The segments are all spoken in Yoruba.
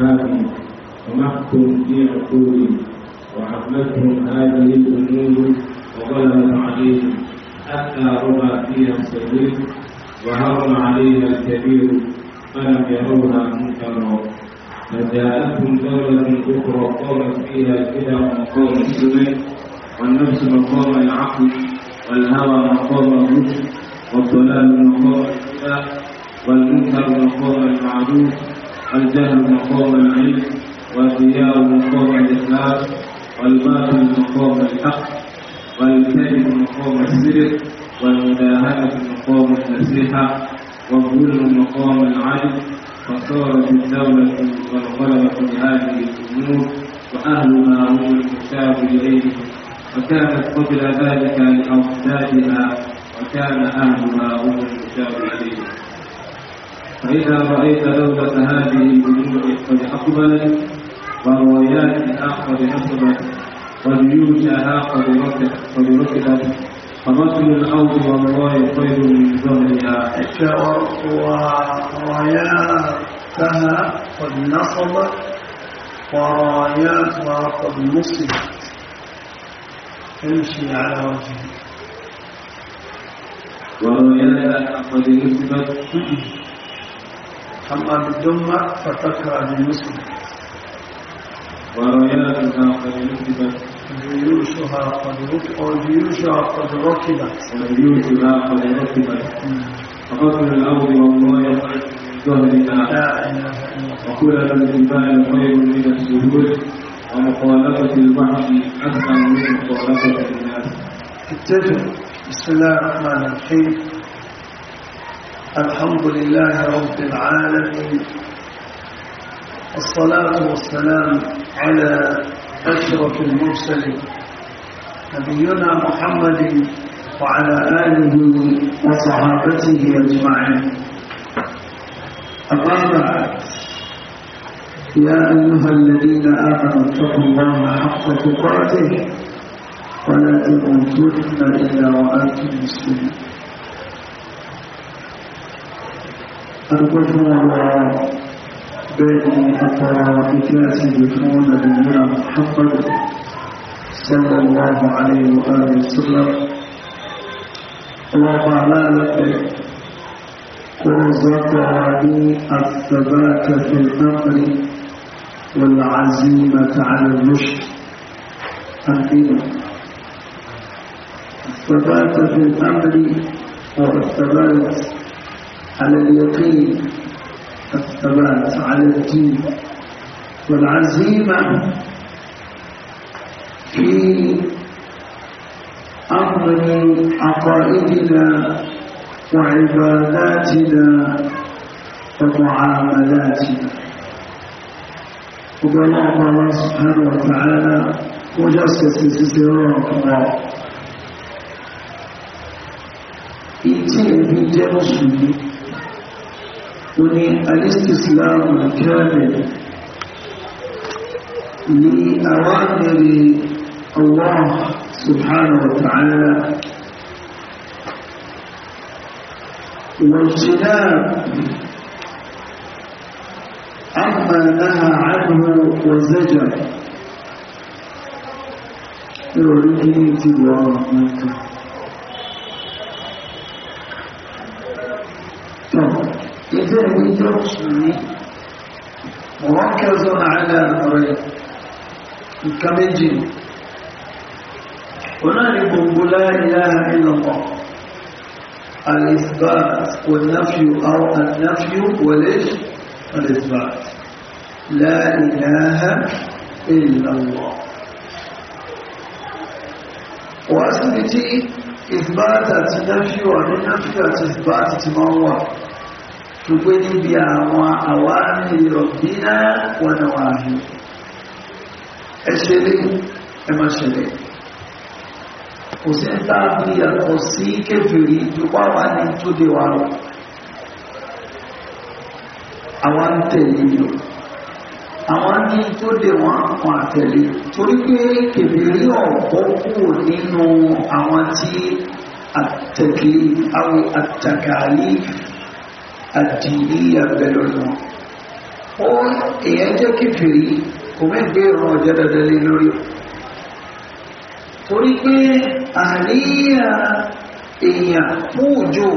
أفهامي ومحكم في عقولي وعمتهم هذه الأمور وغلب عليهم حتى ربى فيها الصغير وهرم عليها الكبير فلم يروها منكرا فجاءتهم دولة أخرى قامت فيها كلا مقام السمع والنفس مقام العقل والهوى مقام الرشد والضلال مقام الاتباع والمنكر مقام المعروف الجهل مقام العلم والرياء مقام الإخلاص والباطل مقام الحق والكذب مقام السرق والمداهنة مقام النصيحة والظلم مقام العدل فصارت الدولة والغلبة لهذه الأمور وأهلها هم الكتاب إليهم وكانت قبل ذلك لاوقاتها وكان أهلها هم الكتاب إليهم فإذا رأيت دولة هذه البيوت قد أقبلت ورواياتها قد نصبت وبيوتها قد ركبت فبطل الأرض والله خير من ظهرها وراياتها قد نصبت وراياتها قد نصبت امشي على وجهك وراياتها قد نصبت أما بالدمة فتقرأ بالمسلم ورايات قد ركبت جيوشها قد ركبت أو جيوشها قد ركبت وجيوشها قد ركبت فقتل الأرض والراية ظهرها لا إله إلا الله وكل الجبال خير من السهول ومخالفة البحر أكثر من مخالفة الناس اتجه بسم الله الرحمن الرحيم الحمد لله رب العالمين الصلاة والسلام على أشرف المرسلين نبينا محمد وعلى آله وصحابته أجمعين أما بعد يا أيها الذين آمنوا اتقوا الله حق تقاته ولا تموتن إلا وأنتم مسلمون أنفسنا وبيتنا حتى بكاس ذكرى نبينا محمد صلى الله عليه وآله وسلم اللهم على ارزقني الثبات في الامر والعزيمه على المشكل امين الثبات في الامر والثبات على اليقين الثبات على الدين والعزيمة في أمر عقائدنا وعباداتنا ومعاملاتنا وقال الله سبحانه وتعالى وجسد استدراك الله إنسان في جنس وني الاستسلام الكامل لأوامر الله سبحانه وتعالى واجتناب عما نهى عنه وزجر يوريني تبعه منك بذهن جرسه مركز على الأمرين كمجين هنالك لا إله إلا الله الإثبات والنفي أو النفي وليش الإثبات لا إله إلا الله وأثبتي إثبات النفي والنفي إثبات ما هو ṣùgbọ́n níbi àwọn àwárí ọ̀bínà wọ́n wà ní ẹṣẹ́ lé ẹmọ́ṣẹ̀lẹ̀ kò sí ń tàà bí yàtọ̀ sí kéfèrè ìjọba wà ní tó dé wa lọ àwọn ń tẹ̀lé lọ àwọn ní tó dé wọn kan àtẹ̀lé torí pé kéfèrè ọ̀pọ̀ kù nínú àwọn tí àtẹ̀lé àwọn àtàkàlí àdìníyà ń bẹ lórí wọn ó èyàn jẹ́ kéfèrí kò mẹ́gbẹ́ ìran ọ̀jẹ́ dandan lé lórí o torí pé àníyàn èèyàn mú òjò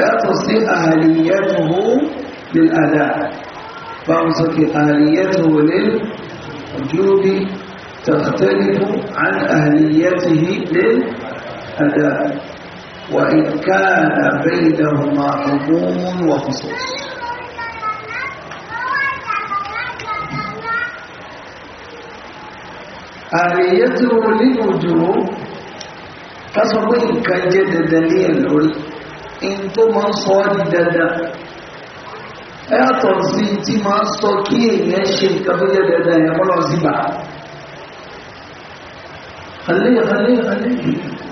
yàtọ̀ sí àníyàtòwò lè àdá báwọn sókè àníyàtòwò lè ojú bí tàbátẹ́lifù àníyàtòwò lè àdá وإن كان بينهما حكوم وخصوص آليته للوجوب تصوير كجد دليل إن تم صادد يا تنزي تما سوكي يشيل كبير دادا يا ملازمة خليه خليه خليه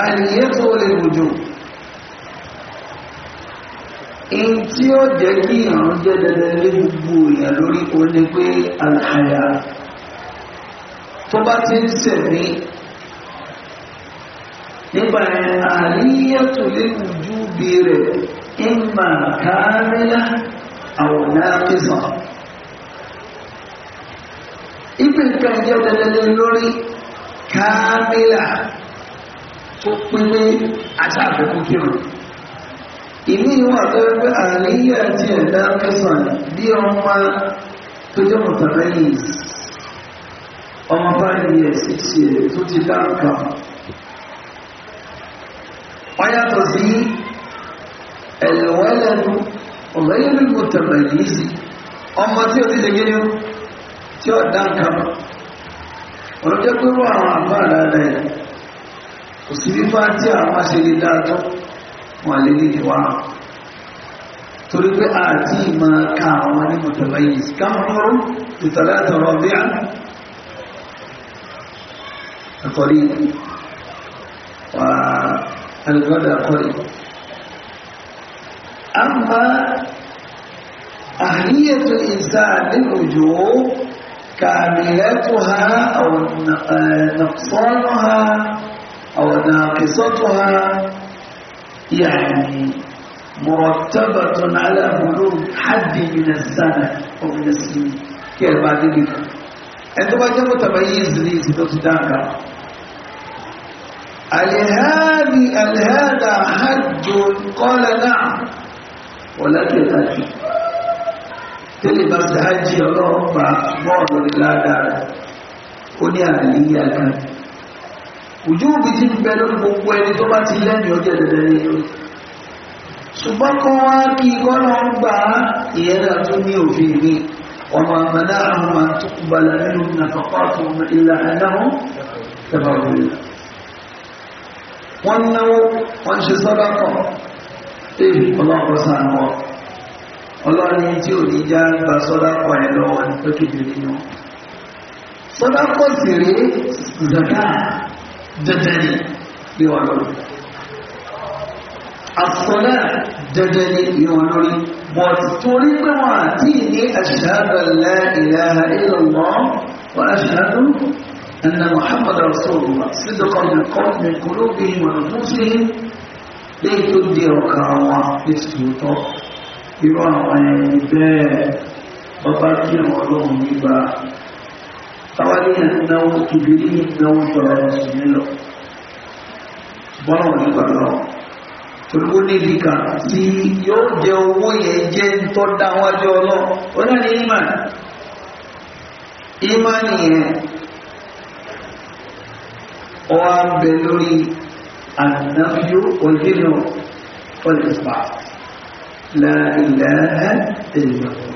àníyẹ́tò lè wòjò in tí ó jẹ́ kí ìrun jẹ́ dandan lé gbogbo èèyàn lórí o ní pé àlàyà tó bá ti ń sẹ̀mí nígbà àníyẹ́tò lè wòjò bí rẹ̀ ìmà káàmìlá àwọn náàkìsàn ìpínká jẹ́ dandan lórí káàmìlá tó pínlẹ̀ àti àbẹ̀kú kírun ìní ìwà tó ń pẹ́ àríyá àti ẹ̀dá kẹsàn bí ọmọ tó jẹ́ mọ̀tàlẹ́yìn ọmọ five years six years tó ti dá nǹkan wọ́n yàtọ̀ sí ẹ̀lẹ́wọ́ ẹlẹ́nu ọ̀rẹ́yìn ní mọ̀tàlẹ́yìn sí ọmọ tí o ti lè tí ó kò sí fífá tí àwọn ṣe lè dáadọ́ wọn lè ní ìwà torí pé àti ìmọ̀ ka àwọn ní mọ̀tàbáyìí kámọ́rọ́ ìtàlátọ̀rọ̀ bí a àkọ́rí wà alìgbọ́dà àkọ́rí أما أهلية الإنسان للرجوع كاملتها أو نقصانها أو ناقصتها يعني مرتبة على بلوغ حد من السنة أو من السنين كيف بعد ذلك عندما جاء تمييز لي سنوتدانك هذه هذا حج قال نعم ولكن حج تلي بس حج الله ما بقول لا دار وني عليا كان ojúbi ti ń bẹ lórí gbogbo ẹni tó bá ti lẹ́nu ọjọ́ ìdẹ̀dẹ̀ ní ìlú ṣùgbọ́n kọ́ wá kí kọ́nà ń gbà á ìyẹn náà tún ní òfin mi ọmọ àmàlà àwọn máa tó kú balẹ̀ nínú nàfàkọ́ àtún ìlà ẹ̀dáhùn tẹ̀bàrù ìlà wọ́n rí zaka dandan ni bí wọn lórí àfọlá dandan ni bí wọn lórí but torí pé wọn àti ní ashhadu an la ilaha illallah wa ashhadu anna muhammad rasulullah sidqan min qawmin qulubihim wa anfusihim lẹ́yìn tó di ọ̀ka wọn nítòótọ́ irú àwọn ẹni bẹ́ẹ̀ ọba kí àwọn ọlọ́run nígbà táwa ní ìnáwó ìbílí ìnáwó tọrọ mùsùlùmí lọ bọ́nà nígbà náà olùkó níbi kan tí yóò jẹ owó yẹn jẹ́ tó dá wájú ọlọ́ ó ní ìmà ìmà nìyẹn ó wá ń bẹ lórí ànáfíó òjìnà ọlẹ́fà la ilaha illallah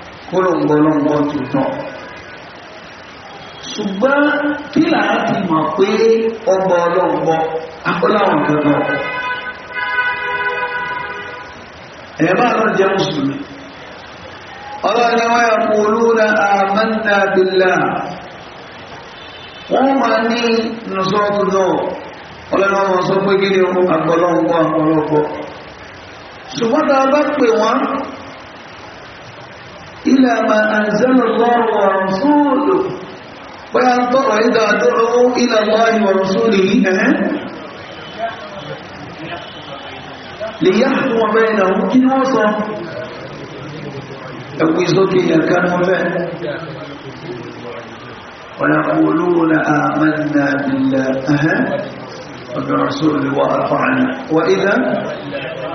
gbólóngbólóngbó tuntun ṣùgbọ́n kí làá ti mọ̀ pé ọgbà ọlọ́ngbọ́ akọ́láwọn kankan ẹ̀bá náà jẹ́ mùsùlùmí ọlọ́ni wọ́n yà kú olúra àmàndà bílá wọ́n máa ní nùsọ́ọ̀tún náà ọlọ́ni wọ́n sọ pé kí ni ọkọ̀ àgbọ̀lọ́ngbọ́ ṣùgbọ́n tá a bá pè wọ́n إلى ما أنزل الله ورسوله وينطق إذا دعوا إلى الله ورسوله أه؟ ليحكم بينهم كن وصف أو يزكي كان وفاء ويقولون آمنا بالله أه؟ وبرسوله وأطعنا وإذا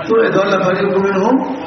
تؤذن فريق منهم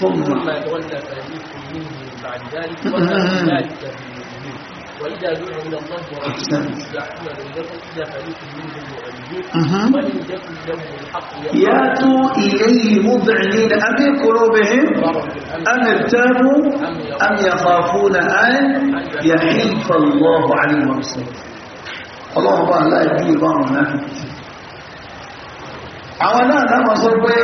ثم تولى فريق بعد ذلك ولا وإذا دعوا إلى الله ورسوله فريق منهم ولم يكن لهم الحق يأتوا إليه مذعنين أم قلوبهم أم ارتابوا أم يخافون أن يحيف الله عليهم وسلم الله أكبر لا يهدي بقى منافق àwọn náà náà mọ̀ sọ pé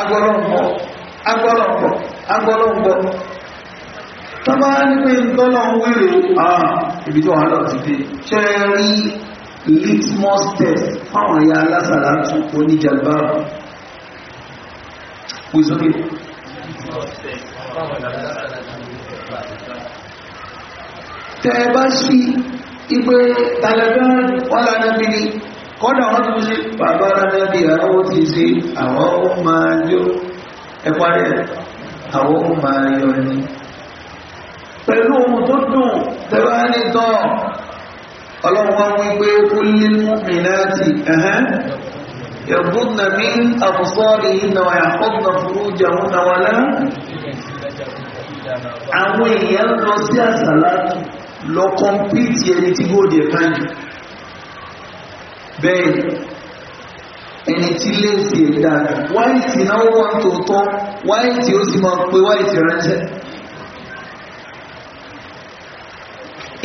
agbọ́dọ̀ agbọ́lọ̀pọ̀ agbọ́lọ̀pọ̀ tó bá ní pé tọ́lọ̀ ń wèrè àà ibi tó wà lọ ti dé ṣe rí litmus test fáwọn ẹ̀yà alásàrá tún oníjàmbá wíṣókè tẹ́ bá sí ipé tàlẹ́gbẹ́ wọ́n lára bí kọ́dà wọ́n tún sí bàbá rárá di àwọn ti sí àwọn ọmọ ajó ẹ̀kọ́ rẹ̀ àwọn ohun máa yọ ni pẹ̀lú ohun tó dùn tẹ́wá ní tán ọlọ́run wọn wí pé kó lé mọ́mí láti يغضن من أبصارهن ويحفظن فروجهن àwọn èèyàn lọ sí àsàlá lọ kọmpítì ẹni tí góòdì ẹ̀ká bẹ́ẹ̀ ẹni tí léèsì ẹ̀dá wáìtì náà wọ́n tó tọ́ wáìtì ó sì máa pé wáìtì ránṣẹ́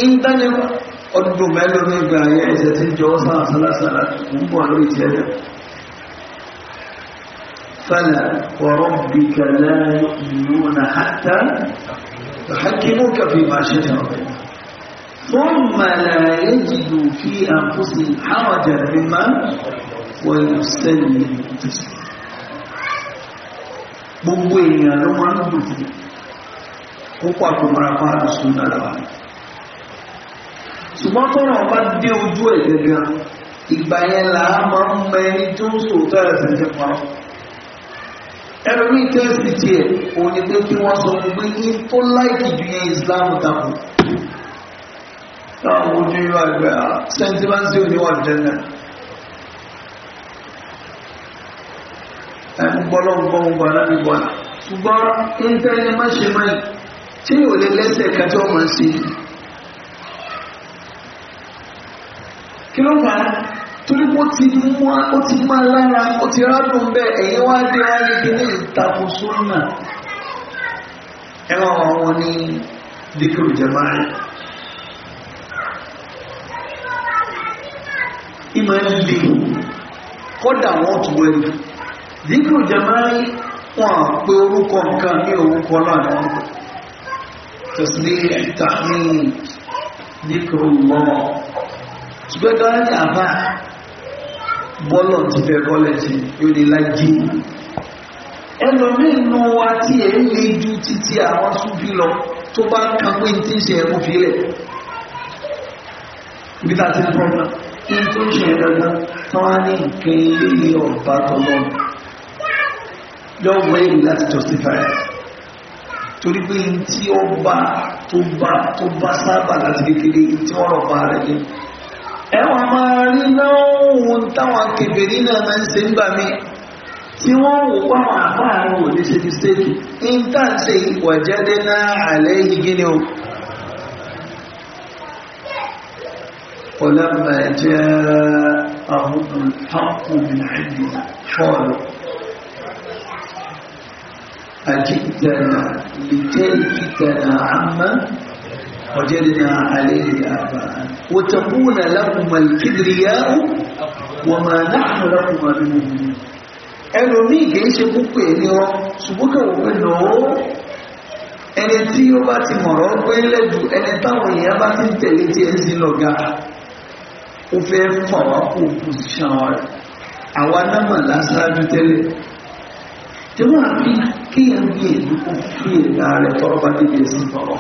ìntánẹ́ ọdún mẹ́lọ ní ìgbà ayé ẹ̀ṣẹ̀ tí jọ sáà sálásálá ń bọ̀ lórí ثم لا يجدوا في أنفسهم حرجا مما ويسلم تسليما gbogbo èèyàn ló máa ń dùn fún kó pàtó mara bá àdùsùn dáadáa ṣùgbọ́n tọ́nà ọba dé ojú ẹ̀ gẹ́gẹ́ ìgbà yẹn là á máa ń mọ ẹni tó ń sòótọ́ ẹ̀sìn jẹ́ pa ẹlòmíì tẹ́sì tiẹ̀ òun ni pé kí wọ́n sọ pé ní tó láìkì ju yẹn Islam dàpọ̀ táwọn ojú ìwà ìgbà ah, sẹ́ńtì máa ń náà ẹnu gbọ́lọ́ gbọ́ ń gbọ́ láti gbọ́ náà ṣùgbọ́n ẹ̀ńtẹ́ ni má ṣe máa tí ò lè lẹ́sẹ̀ kẹtọ́ máa ṣe kí ló torí ti mú ó ti máa lára ó ti rádùn bẹ́ẹ̀ ẹ̀yin díkùrù jẹmáàrí wọn pé orúkọ nǹkan ní orúkọ lọ́nà wọn pẹ̀ tẹ̀sílẹ̀ ẹ̀ta ní díkùrù mọ́ ṣùgbẹ́gbẹ́ ní àbá bọ́lọ̀ ti fẹ́ kọ́lẹ̀jì yóò ní lájí ẹlòmínú wa tí ẹ ń le ju títí àwọn súnfí lọ tó bá ń kan pé tí ń ṣe ẹkùn fílẹ̀ ibi tá ti ń pọ́nmọ́ ní tó ń ṣe ẹ̀dọ́gbọ́n tán á ní nǹkan ilé ọ̀bá tọ́lọ́mù no way left justify torí pé n tí ó bá tó bá tó bá sábà láti kékeré tí wọ́n rọ̀ bá rẹ̀ ní ẹwà máa rí náà ohun táwọn kèfèrí náà máa ń ṣe ń gbà mí tí wọ́n wò páwọn àbáàrùn ò ní ṣe ti stéèkì ń tà ń ṣe ìwà jáde náà àlẹ́ yìí gíní o ọlọ́mọ ẹ̀jẹ̀ àwọn olùtọ́kùnrin àìyàn fọ́ọ̀lù أجدنا لتلفتنا عما وجدنا عليه آباءنا وتكون لكما الكبرياء وما نحن لكما بمؤمنين ẹlòmíì kìí ṣe púpọ̀ ẹni ọ ṣùgbọ́n kẹwò pé lọ́wọ́ ẹni tí ó bá ti mọ̀rọ̀ pé lẹ́jù ẹni táwọn èèyàn bá ti ń tẹ̀lé tí ẹ sí lọ́gá ó fẹ́ fà wá kó òkú ṣan wa àwa náà mà láṣáájú tẹ́lẹ̀ tẹ̀wọ́n àbí kéèyàn bí èlú kò fi ìlà rẹ̀ tọrọ bá débi ẹ̀sìn tọrọ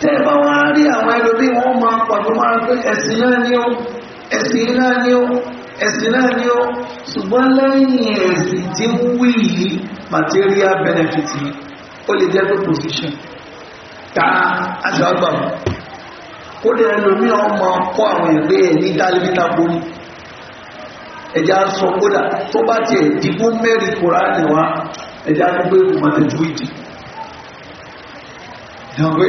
tẹ́ bá wá rí àwọn ẹlòmí wọ́n máa pàdé máa pé ẹ̀sìn náà ni ó ẹ̀sìn náà ni ó ẹ̀sìn náà ni ni ó lè jẹ́ ẹja sọ kódà tó bá tiẹ̀ dìbò mẹ́rin kùránì wa ẹja gbogbo ìgbìmọ̀ tẹ̀jú ìdì ìdàgbé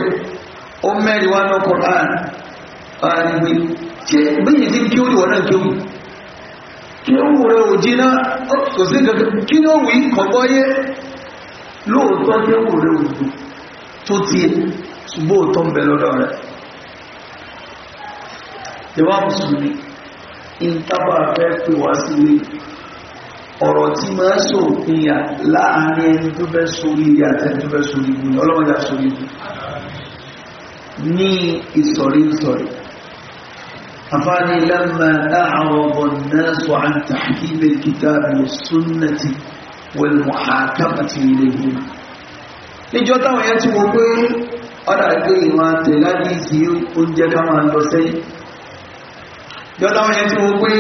ó mẹ́rin wá náà kùránì àìgbé tí bíyìn tí kí ó rí wọ́nà kí ó wù kí ó wù rẹ̀ òjì náà kò sí kankan kí ó wù í kọ̀kọ́ yé lóòótọ́ kí ó wù rẹ̀ òjò tó tiẹ̀ ṣùgbọ́n òótọ́ ń bẹ lọ́dọ̀ rẹ̀ ìwà mùsùlùmí ìtàbà fẹ́ pè wá sílé ọ̀rọ̀ tí máa ń sòfin yà láàárín ẹni tó fẹ́ sórí yà àtẹni tó fẹ́ sórí ibu ni ọlọ́run yà sórí ibu ní ìsọ̀rí ìsọ̀rí afáàní lẹ́mà àwọn ọ̀bọ̀n náà sọ àn tàkìlẹ̀ kìtàbí sunnati wal muhakamati ilayhi níjọ́ táwọn yẹn ti wọ pé ọ̀dà ìgbé ìwọ̀n àtẹ̀lá ìsìn oúnjẹ ká máa jọ́dá wọn yẹn tí mo pé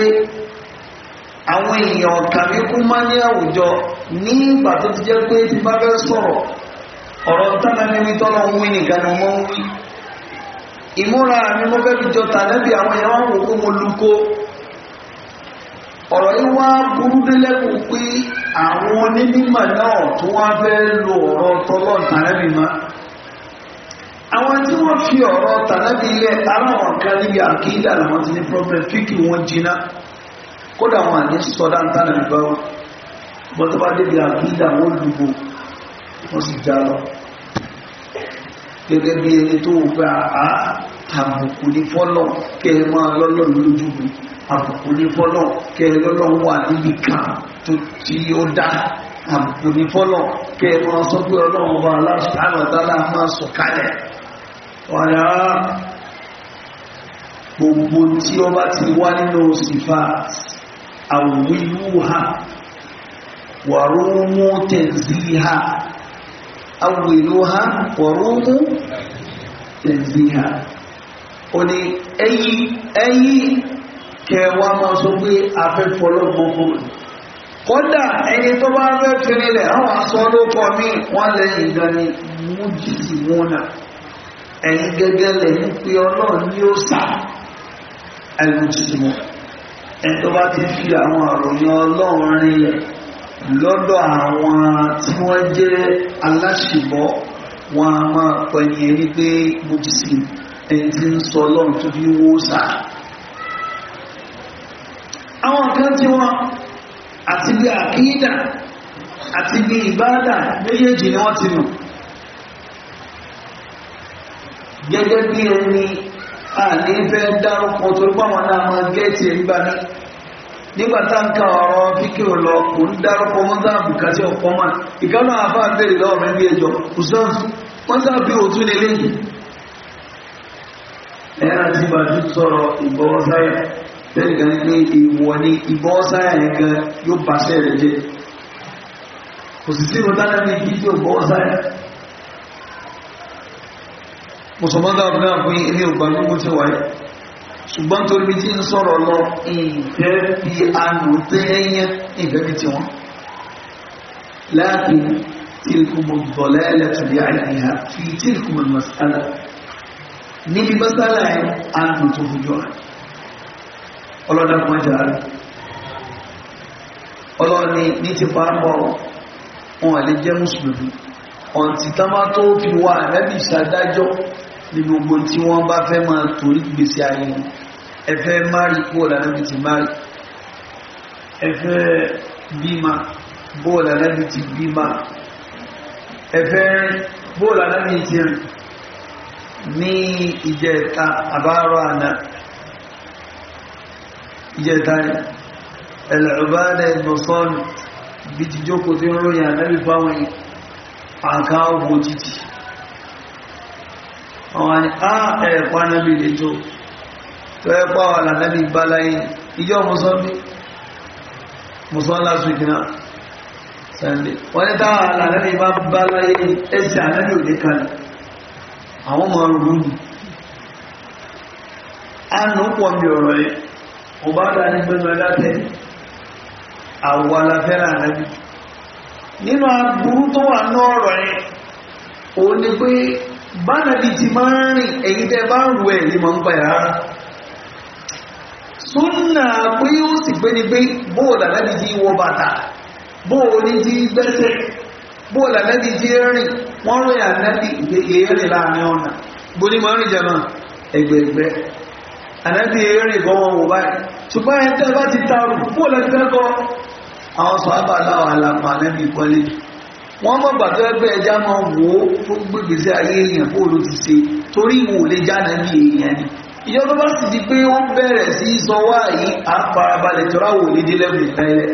àwọn èèyàn kàmí kú má ní àwùjọ ní ìgbà tó ti jẹ́ pé ti bá fẹ́ sọ̀rọ̀ ọ̀rọ̀ tánà ní wí tọ́lọ̀ ń wí nìkan ni mo ń wí ìmúra mi mo fẹ́ fi jọ tànẹ́bí àwọn èèyàn wọn wò kó mo luko ọ̀rọ̀ yìí wá burú délẹ́kù pé àwọn onímọ̀ náà tó wá fẹ́ lo ọ̀rọ̀ tọ́lọ̀ tànẹ́bí máa àwọn tí wọ́n fi ọ̀rọ̀ tànábì ilẹ̀ aláwọ̀ kan níbi àkídà làwọn ti ní problem fíkì wọn jiná kódà wọn àní sọdá ń tánà nípa wọn bọ́n tó bá débi àkídà wọn lùgbò wọ́n sì já lọ gẹ́gẹ́ bí ẹni tó gba àá àbùkù ní fọ́lọ̀ kẹ́ ẹ máa lọ́lọ́ lójú mi àbùkù ní fọ́lọ̀ kẹ́ ẹ lọ́lọ́ wà níbi kan tó tí ó dá àbùkù ní fọ́lọ̀ kẹ́ ẹ máa sọ pé ọlọ́run ọba aláṣà àlọ́dá láà máa sọ̀kalẹ̀. ọ̀rá gbogbo tí ó bá ti wá nínú sífà àwíwúha wàrúmú tẹ̀síha àwíwúha wàrúmú tẹ̀síha ní ẹyí ẹyí kẹwàá máa sọ pé afẹ́fọ́lọ́gbọ́n fún ẹni tó bá fẹ́ nílẹ̀ àwọn asọ́ wọ́n lẹ́yìn ẹ̀yin gẹ́gẹ́ lẹ́yìn pé ọlọ́run ní ó sà ẹlùmùtìmọ̀ ẹni tó bá ti fi àwọn àròyìn ọlọ́run rinlẹ̀ lọ́dọ̀ àwọn tí wọ́n jẹ́ aláṣìbọ́ wọn a máa pẹ̀yìn ẹni pé mo ti sìn ẹni tí ń sọ ọlọ́run tó fi wó sà àwọn kan tí wọ́n àti bí àkídà àti bí ìbádà méjèèjì ni wọ́n ti mọ̀ gẹ́gẹ́ bí ẹni àní fẹ́ dárúkọ torí pàwọn náà máa gẹ́ẹ̀tì ẹ̀ gbà ní nígbà táǹkà ọ̀rọ̀ kíkẹ́ ò lọ kò ń dárúkọ mọ́sáàbù kàtí ọ̀pọ̀ máa ìkánú àbá bèrè lọ́wọ́ mi bí ẹjọ́ kùsán mọ́sáàbù òtún lè léyìí ẹ̀rà tí bàjú sọ̀rọ̀ ìbọ̀wọ́sáyà lẹ́yìn kan ní ìwọ̀ ní ìbọ̀wọ́sáyà yẹn gan yóò bàṣẹ́ rẹ̀ jẹ́ kò sì sí ìrọ̀tánà ní kí tí ò bọ̀wọ́sáyà mùsùlùmọ́dá ọ̀gbẹ́ àpín ilé ògbà gbogbo ti wáyé ṣùgbọ́n tó rí jí ń sọ̀rọ̀ lọ ìfẹ́ fi àánú tẹ́yẹn ìfẹ́ bí ti wọ́n láti tìlkùmù dọ̀lẹ́lẹ̀ tó bí àìyíha fi tìlkùmù masala níbi masala yẹn àánú tó fojú wa ọlọ́dà kan jà Ni gbogbo tí wọ́n bá fẹ́ máa torí gbèsè ayé wọn ẹ fẹ́ mari bóòlù anábì ti mari ẹ fẹ́ bímá bóòlù anábì ti bímá ẹ fẹ́ bóòlù anábì ti rìn ní ìjẹta àbárò àná ìjẹta ẹlẹ́rọ̀bálẹ̀ ìmọ̀sọ́nù bí ti jókòó tí ń ròyìn anábì fáwọn àkáwò títì àwọn á ẹ̀pá nábì lè tó tó ẹ̀pá wà lànàbì gbá láyé ìjọ mùsọ́lì mùsọ́lì last week náà sunday wọ́n ní táwọn lànàbì bá bá láyé ẹsẹ̀ ànàbì òde kalẹ̀ àwọn ọmọ ọrùn rúdù á nù pọ̀ mi ọ̀rọ̀ yẹn bá ní ẹ̀dá nínú aburú tó bánàbí ti máa ń rìn ẹ̀yìn tẹ́ bá ń rú ẹ̀ lè mọ́ ń pẹ̀ rárá súnà pé ó sì pé ní pé bóòlà láti ti wọ bàtà bóòlì ti gbẹ́sẹ̀ bóòlà láti ti rìn wọ́n rìn ànábì èèrè láàrin ọ̀nà gbóní mọ́ rìn jẹ̀mọ́ ẹgbẹ̀ẹ̀gbẹ́ ànábì èèrè bọ́ wọn wò báyìí ṣùgbọ́n ẹ̀ tẹ́ bá ti tarù bóòlà ti àwọn sọ̀rọ̀ wọ́n mọ̀ gbàgbé ẹgbẹ́ ẹja máa wò ó tó gbégbèsè ayé èèyàn kó ló ti torí ìwò lè jáde bí èèyàn ni ìjọba bá sì di pé wọ́n bẹ̀rẹ̀ sí sọwọ́ àyí à ń farabalẹ̀ tọ́ra wò ní délẹ̀ mi tẹ́lẹ̀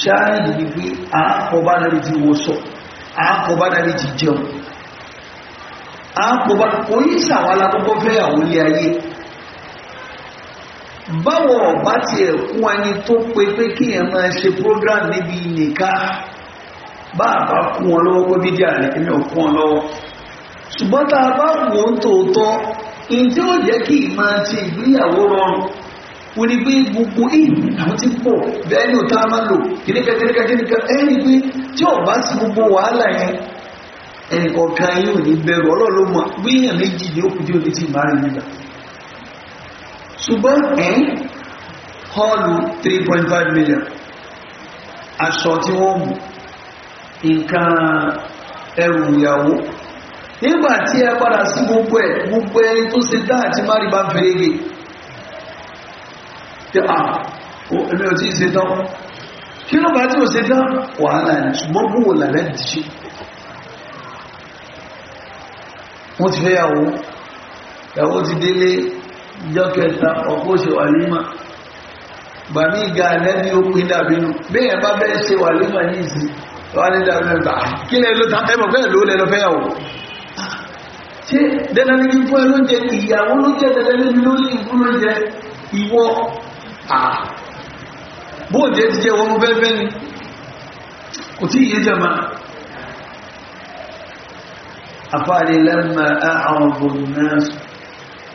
ṣáàyìn ni pé àákọ̀ọ́bá náà ti wo sọ àákọ̀ọ́bá náà ti jẹun àákọ̀ọ́bá oyin ṣàwọn alákọ̀ọ́kọ́ fẹ́ àwọn ilé ayé báwo ọ̀bá tiẹ̀ fún ẹni tó pe pé kíyàn máa ṣe program níbi nìkan bá a bá fún wọn lọ́wọ́ pé bídíà ní èmi ò fún lọ́wọ́ ṣùgbọ́n tá a bá wò ó tòótọ́ ǹjẹ́ ó jẹ́ kí ìmọ̀ àti ìgbéyàwó rọrùn wọ́n ní pé gbogbo ìlú àwọn pọ̀ bẹ́ẹ̀ ni máa lò ẹni pé tí ò bá sí gbogbo wàhálà yẹn ní bẹ̀rù wíyàn méjì ní òkú tí nǹkan ẹrù ìyàwó nígbà tí ẹ padà sí gbogbo ẹ gbogbo ẹni tó ṣe dá àti má rí bá ń fèrègè tí a ẹni ò tí ì ṣe tán kí ló bá tí ò ṣe tán wàhálà ní ṣùgbọ́n bó wò lálẹ́ ti ṣe wọ́n ti fẹ́ yàwó ti délé ìjọ kẹta ọkọ̀ ṣe wà límà gbàmí ìgà lẹ́ni ó pin dàbínú bẹ́ẹ̀ bá bẹ́ẹ̀ ṣe wà límà ní ìsìn wọ́n ní dàbí ló ta kí lẹ́ ló ta ẹ mọ̀ bẹ́ẹ̀ ló lẹ́ lọ fẹ́yàwó ah, ṣé dandan ní kí fún ẹ ló jẹ ìyàwó ló jẹ dandan níbi ló ní ìfún ló ah, jẹ ìwọ bóòdì ẹ ti jẹ wọn fẹ́ fẹ́ ni kò tí ìyé jẹ máa أقال لما أعرض الناس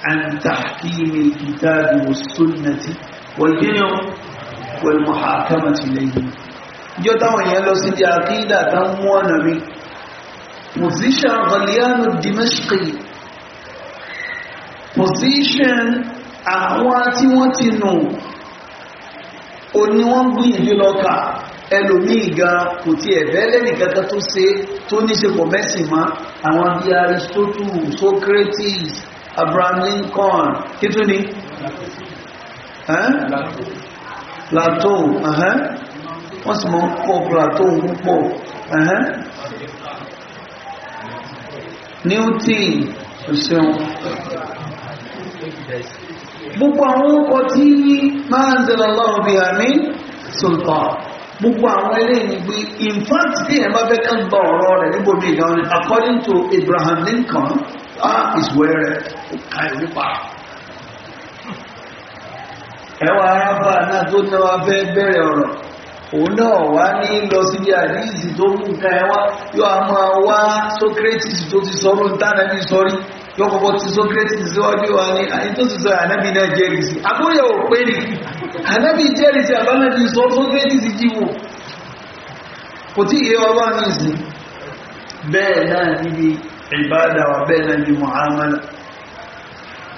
عن تحكيم الكتاب والسنة والجنع والمحاكمة إليهم jọ táwọn èèyàn lọ sí di àkídà tán mú ọ̀nà mi position Ghaliyanu Dimashqi position àwọn tí wọ́n ti nù o ní wọ́n gbìyànjú lọ́kà ẹlòmíì gan kò tí ẹ̀fẹ́ lẹ́nìkankan tó ṣe tó níṣe pọ̀ mẹ́sìn mọ́ àwọn bíi Aristotle Socrates Abraham Lincoln kí tún ni? Plato. Plato wọ́n sì máa ń pọ̀ gbọ́ra tó ń pọ̀ newton kò ṣeun gbogbo àwọn ọkọ̀ tí máa ń zẹ̀lọ̀ lọ́rùn bí àmì sultan gbogbo àwọn eléyìí gbé in fact bí ẹ̀ bá fẹ́ kán gba ọ̀rọ̀ rẹ̀ níbo mi ìlọrin according to Abraham Lincoln ah is wẹ́rẹ́ ó ka ìwé pa ẹwà arábà náà tó náà wá fẹ́ bẹ̀rẹ̀ ọ̀rọ̀ òun náà wá ní lọ síbi àdíìsì tó mú nǹkan ẹ wá yóò a máa wá sókrétìsì tó ti sọ lóun tánà bí sọrí yóò kọ́kọ́ ti sókrétìsì síwájú wa ní àyí tó ti sọ ànábì náà jẹ́rìí sí àbúrò ò pé ní ànábì jẹ́rìí sí àbálẹ́bí sọ sókrétìsì jí wò kò tí ìyẹ́ wa bá mi sí bẹ́ẹ̀ náà níbi ìbáàdà wa bẹ́ẹ̀ náà níbi muhammad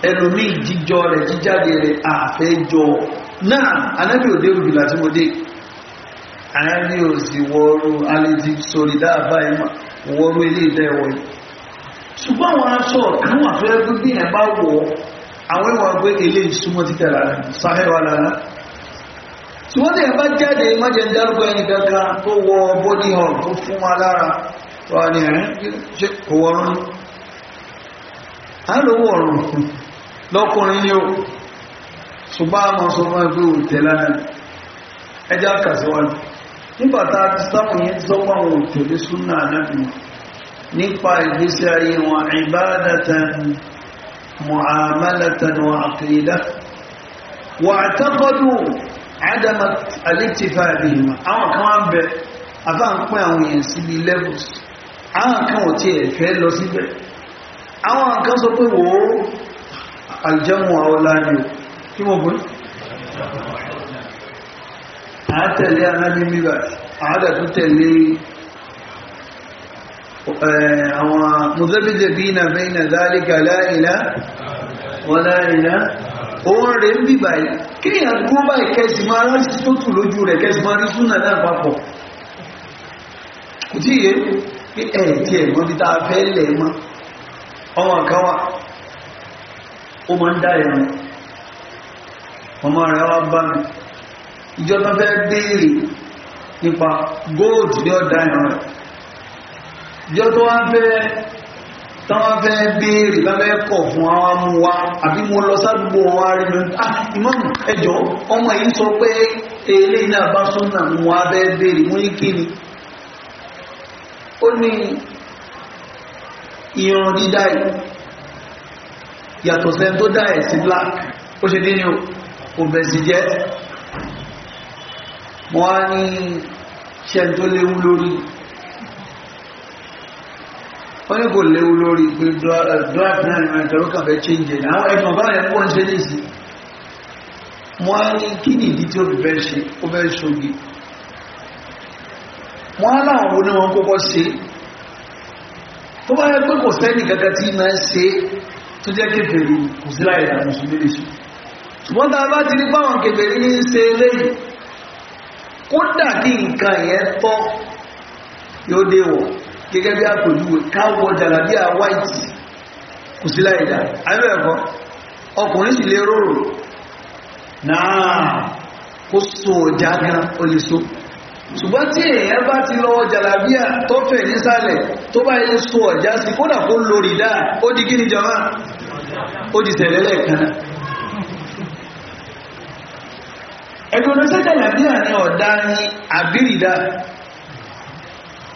ẹlòmíì jíjọ rẹ̀ jíjáde rẹ̀ àfẹ́jọ náà ànábì òde òbí láti mo dé àárí òsì wọ́ọ́rú alẹ́dí sórí dáàbá ìmọ̀ ilé ìdá ẹ̀wọ̀ yìí ṣùgbọ́n àwọn aṣọ ọ̀kan wà fẹ́ gbígbé yẹn bá wọ̀ àwọn ìwà gbé ilé ìsúnmọ́ títẹ̀ lára sáhẹ́wà lára ṣùgbọ́n tí jáde mọ́jẹ̀ dárúkọ ẹni kankan tó wọ nígbà tá a ti sáwọn yẹn sọ́wọ́ àwọn òtòlé súnà náà nípa ìgbésí ayé wọn ìbádatan mu'amalatan wa aqida wa i'taqadu adama al-ittifaq bihima àwọn kan wá ń bẹ afá ń pín àwọn èèyàn síbi levels àwọn kan ò tiẹ̀ fẹ́ lọ síbẹ̀ àwọn kan sọ pé wò ó aljamu àwọn láàrin kí mo bọ́ àátẹ̀lé anájí mìíràn àádẹ̀ tó tẹ̀lé àwọn mùsẹ́bíjẹ̀ bí iná bẹ́ iná záríkà láìlá wọ́n láìlá òun rẹ̀ ń bí báyìí kíyàn gbó báyìí kẹsì máa rántí tó tù lójú rẹ̀ kẹsì máa rí súnà náà papọ̀ kò tí yé pé ẹ̀ tí ẹ̀ mọ́ bí tá a fẹ́ lẹ̀ mọ́ ọmọ àkáwà ó máa ń dá ẹ̀rọ ọmọ rẹ̀ wá bá mi ìjọba fẹ́ béèrè nípa góòdù ní ọ̀dá ìran rẹ̀ ìjọ tó wá fẹ́ táwọn fẹ́ béèrè lábẹ́ kọ̀ fún àwọn amúwa àbí mo lọ sádùgbò wọn rí mi ah ìmọ̀mù ẹjọ́ ọmọ yìí sọ pé eléyìí náà bá súnà mo wá fẹ́ béèrè mo ní kí ó ní ìran dídá yìí yàtọ̀ sẹ́ni tó dá ẹ̀ sí black ó ṣe dín ní o kò bẹ̀ sí jẹ́ wọ́n á ní ṣe tó léwu lórí wọ́n ní kò léwu lórí pé dọ́àt náà ni wọ́n tẹ̀rọ kàfẹ́ chíńjẹ àwọn ẹ̀mọ̀ báyẹ̀ wọ́n ṣe lè sí wọ́n á ní kí ni ìdí tí ó fẹ́ ṣe ó fẹ́ ṣogi wọ́n á láwọn oní wọn kọ́kọ́ ṣe tó bá yẹ pé kò sẹ́ni kankan tí máa ń ṣe tó jẹ́ kéferì kò sí láyé àwọn mùsùlùmí lè ṣùgbọ́n tá a bá ti rí báwọn kéferì ní ṣe eléyìí kódà kí nǹkan yẹn tọ́ yóò dé wọ̀ gẹ́gẹ́ bí àpèjúwe káwọ̀ jàlábíà wáìtì kò sí láì dá ayé ẹ̀kọ́ ọkùnrin sì lè rorò náà kó sọ ọjà gan o lè ṣùgbọ́n tí èèyàn bá ti lọ jàlábíà tó fẹ̀ nísàlẹ̀ tó bá yẹ ọjà sí kódà kó lórí dáa ó di kí ni jọmọ́ ẹgbẹ̀rún sẹ́jàlàbíà ni ọ̀dá ni àbírìdá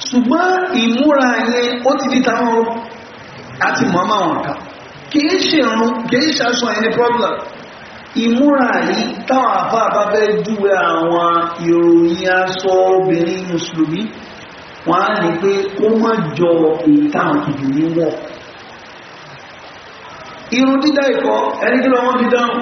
ṣùgbọ́n ìmúra yẹn ó ti di táwọn àti mọ́mọ́ wọn ká kìí ṣe irun kìí ṣaṣọ ẹni problem ìmúra yìí táwọn àfa bá fẹ́ júwe àwọn ìròyìn aṣọ obìnrin mùsùlùmí wọn á ní pé kó má jọ èyí táwọn kìdì ní irun dídá ikọ̀ ẹni kí lọ́wọ́ fi dáhùn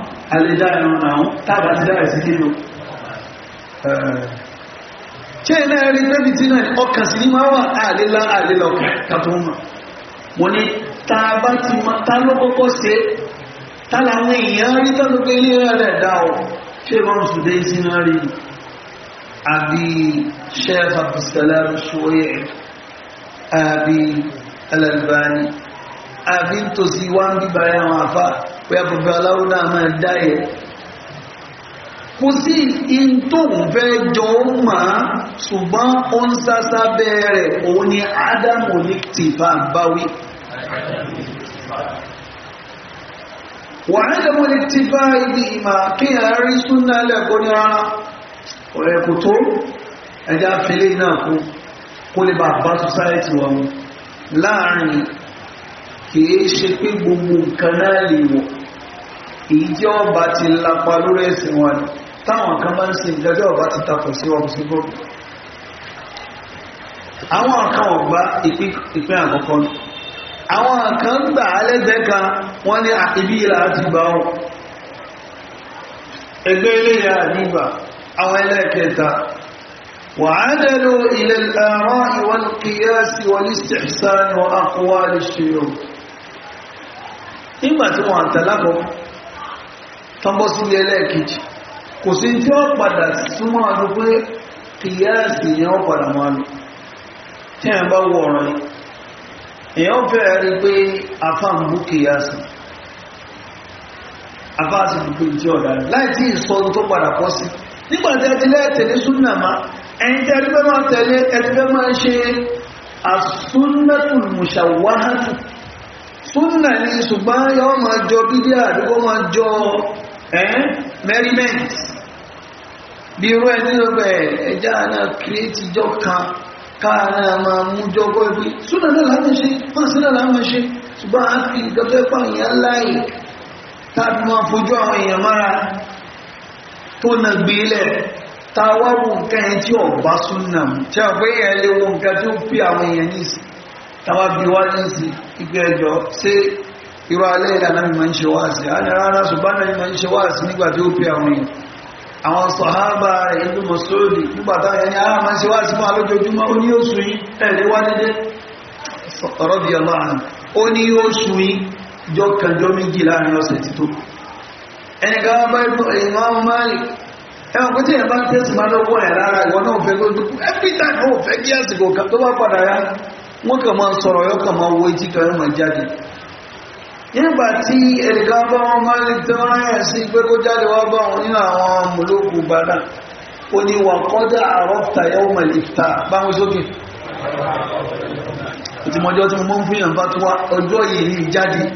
àlejò ẹran àwọn tábà ti dára sí nínú ṣé iná rí pẹ́bí tí náà ọkàn sí ní máa wà àlélá àlélá ọkàn kàtó mọ̀ mo ní tábà ti mọ tá ló kọ́kọ́ ṣe tá làwọn èèyàn rí tó ló pé ilé rẹ̀ dá o ṣé ìwọ́n mùsùlùmí sí náà rí àbí sheikh abdulsalam ṣòye àbí al àbí tòsí wá ń bíbáyà àwọn bóyá pọ̀fẹ́ aláwọ́dá máa dá ẹ̀ kò sí in tó ń fẹ́ jọ ó máa ṣùgbọ́n ó ń sásá bẹ́ẹ̀rẹ̀ òun ni ádámù ní tìfà báwí wàhálàmù ní tìfà ibi ìmà kí a rí súnà lẹ́kọ́ ní rárá ọ̀rẹ́ kò tó ẹjá fẹ́lẹ́ náà kú kó lè bá bá sọ́sáyẹ́tì wọn láàrin kìí ṣe pé gbogbo nǹkan náà lè wọ̀ èyí tí ọba ti lapa lórí ẹ̀sìn wọn táwọn kan bá ń ṣe ìdájọ́ ọba ti takò sí ọmọ sí gbogbo àwọn kan ọgbà ìpín àkọ́kọ́ àwọn kan gbà alẹ́gbẹ́ kan wọ́n ní ibi ìlà àti ìgbà ile ẹgbẹ́ iléyà àdìgbà àwọn ẹlẹ́ẹ̀kẹta وعدلوا إلى الآراء والقياس والاستحسان وأقوال tọ́bọ́ sílé ẹlẹ́ẹ̀kejì kò sí tí ó padà súnmọ́ àdó pé kìyàsì padà máa lò tí èèyàn bá wọ ọ̀rọ̀ yìí èèyàn fẹ́ rí pé afáàmù kìyàsì afáàsì gbogbo ìjọ ọ̀dà láì tí ìsọ tó padà kọ́ sí nígbà tí ẹtí lẹ́ẹ̀tẹ̀lé ẹni tí ẹtí fẹ́ máa tẹ̀lé ẹtí fẹ́ máa ẹ́n merriment bí irú ẹni ló bẹ̀ ẹjá náà kírètì jọ kan káà náà máa mú jọgọ́ ibi súnà náà láti ṣe wọ́n sí náà láti ṣe ṣùgbọ́n a fi ìdọ́fẹ́ pa èèyàn láì tàbí máa fojú àwọn èèyàn mára tó na gbé lẹ̀ ta wá wo nǹkan yẹn tí ọ̀bá súnà mú tí a pé èèyàn lè wo nǹkan tí ó fi àwọn èèyàn ní ìsìn tàwa wá ní ìsìn ìgbẹ́jọ ṣé irú alẹ́ ìlànà mi máa ń ṣe wáàsí a ní rárá ṣùgbọ́n náà mi máa ń ṣe wáàsí nígbà tí ó pe àwọn èèyàn àwọn sọ̀hábà rẹ̀ ìlú mọ̀sóòdì nígbà táwọn ẹni ara ah, máa ń ṣe wáàsí fún alójoojúmọ́ ó ní oṣù yìí ẹ̀rẹ́ wá dédé ọ̀rọ̀ bí ọlọ́run ó ní oṣù yìí jọ kànjọ méjì láàrin ọ̀sẹ̀ tító ẹni ká bá ìmọ̀ máàlì ẹwọn kó tí ẹ bá ń tẹ̀sí máa lọ́wọ́ ẹ̀ rárá ìwọ náà fẹ́ kó dúkú every fẹ́ kí àsìkò kan tó bá padà rá wọ́n kàn máa sọ̀rọ̀ yọ kàn máa wo etí kan máa jáde nígbà tí ẹ̀ríkà bá wọn máa lè tán ráyà sí pé kó jáde wá bá wọn nínú àwọn mọ̀lókù bàdà ó ní wà kọ́dá àrọ́pùtà yóò mọ̀ lè ta báwọn sókè ìtìmọ̀jọ́ tí mo mọ́ ń fún yàn bá tó wá ọjọ́ yìí ní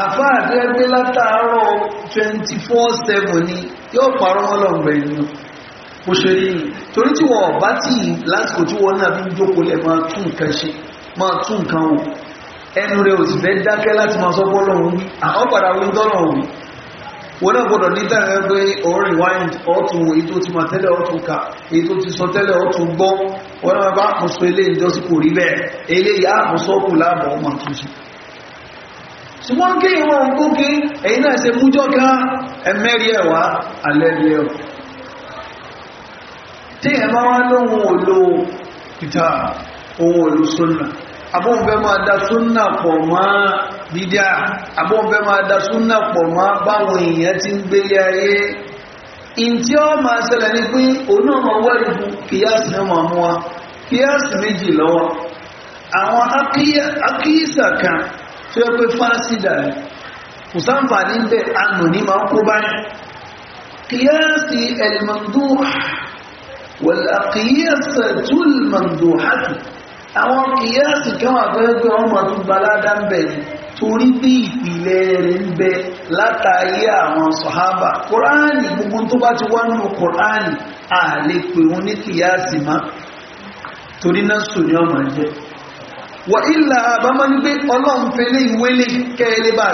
àfá àdẹ́gbé látàárọ̀ 24/7 ni yóò parọ́ wọn lọ́gbẹ̀ inú mo ṣe rí torí tí wọ́n bá tí lásìkò tí wọ́n náà fi ń jókòó lẹ̀ máa tún nǹkan ṣe máa tún nǹkan wò ẹnu rẹ̀ òsì fẹ́ dákẹ́ láti máa sọ́pọ̀ lọ́wọ́ wí àwọn padà wí tọ́nà òwì wọn náà gbọ́dọ̀ ní tàbí pé ọ̀rọ̀ rewind ọ̀tún èyí tó ti máa tẹ́lẹ̀ ọ̀tún kà èyí tó ti sọ tẹ́lẹ̀ ọ̀tún gbọ́ wọn náà bá mọ̀ sọ eléyìí ìjọsí kò rí bẹ́ẹ̀ eléyìí àmọ̀ sọ́kù láàbọ̀ ọmọ tuntun ṣùgbọ́n kí ìwọ̀n kó kí náà ṣe mújọ́ ká ẹmẹ́rí ẹ̀wà alẹ́rí ẹ̀wà tí ẹ̀má wá lóhun òlò ìta ohun òlò sọ́nà abóhùnfẹ́ máa da súnà pọ̀ mọ́ dídá abóhùnfẹ́ máa da súnà pọ̀ mọ́ báwọn èèyàn ti ń gbélé ayé ìntí ọ máa ṣẹlẹ̀ ní pín òun náà máa wẹ́rì fún kíyàsì náà máa mú wa kíyàsì méjì lọ́wọ́ àwọn akíyèsà kan tí ó pé fásidà ni kò sáǹfààní bẹ́ẹ̀ àmì ní máa kó báyìí kíyàsì ẹ̀lmọ̀ndúhà wal aqiyasatu al àwọn kìíyàsì kan wà fẹ́ pé ọmọ tó balada ń bẹ̀ ni torí bí ìpìlẹ̀ rẹ̀ ń bẹ látàrí àwọn sọ̀hábà gbogbo tó bá ti wá nínú kòránì à lè pè wọn ní kìíyàsì má torí náà sùn ní ọmọ jẹ́ wà ilà àbámọ́ ní pé ọlọ́run fẹ́lẹ́ bá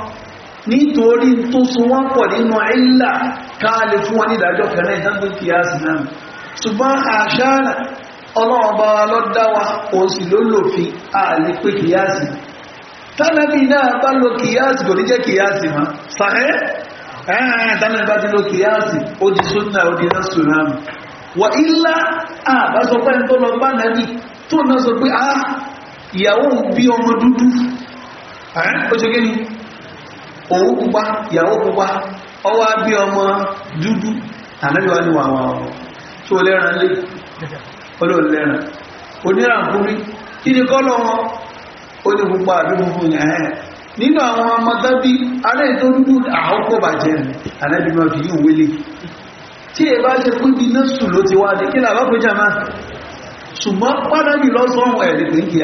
ṣe nítorí tó so pọ̀ nínú ilà káàlè fún wọn nídàájọ́ kẹrẹ ìdánwò kìíyàsì náà ṣùgbọ́n àṣàrà ọlọ́ọ̀bá lọ́dáwà òsì ló lòfin ààlè pé kìíyàsì tánàbí náà bá lo kò ní jẹ́ mọ́ sàrẹ́ lo na òun pupa ìyàwó pupa ọwọ́ bí ọmọ dúdú tí ní lẹ́ran lé ọlọ́ lẹ́ran onírànkúrí kí ni kọ́ lọ́wọ́ ó ní pupa àbí funfun nínú àwọn ọmọ tábí alẹ́ tó dúdú àkọ́kọ́ fi yí tí ẹ bá ṣe bí ló ti wá dé kí làbá pé jàmá ṣùgbọ́n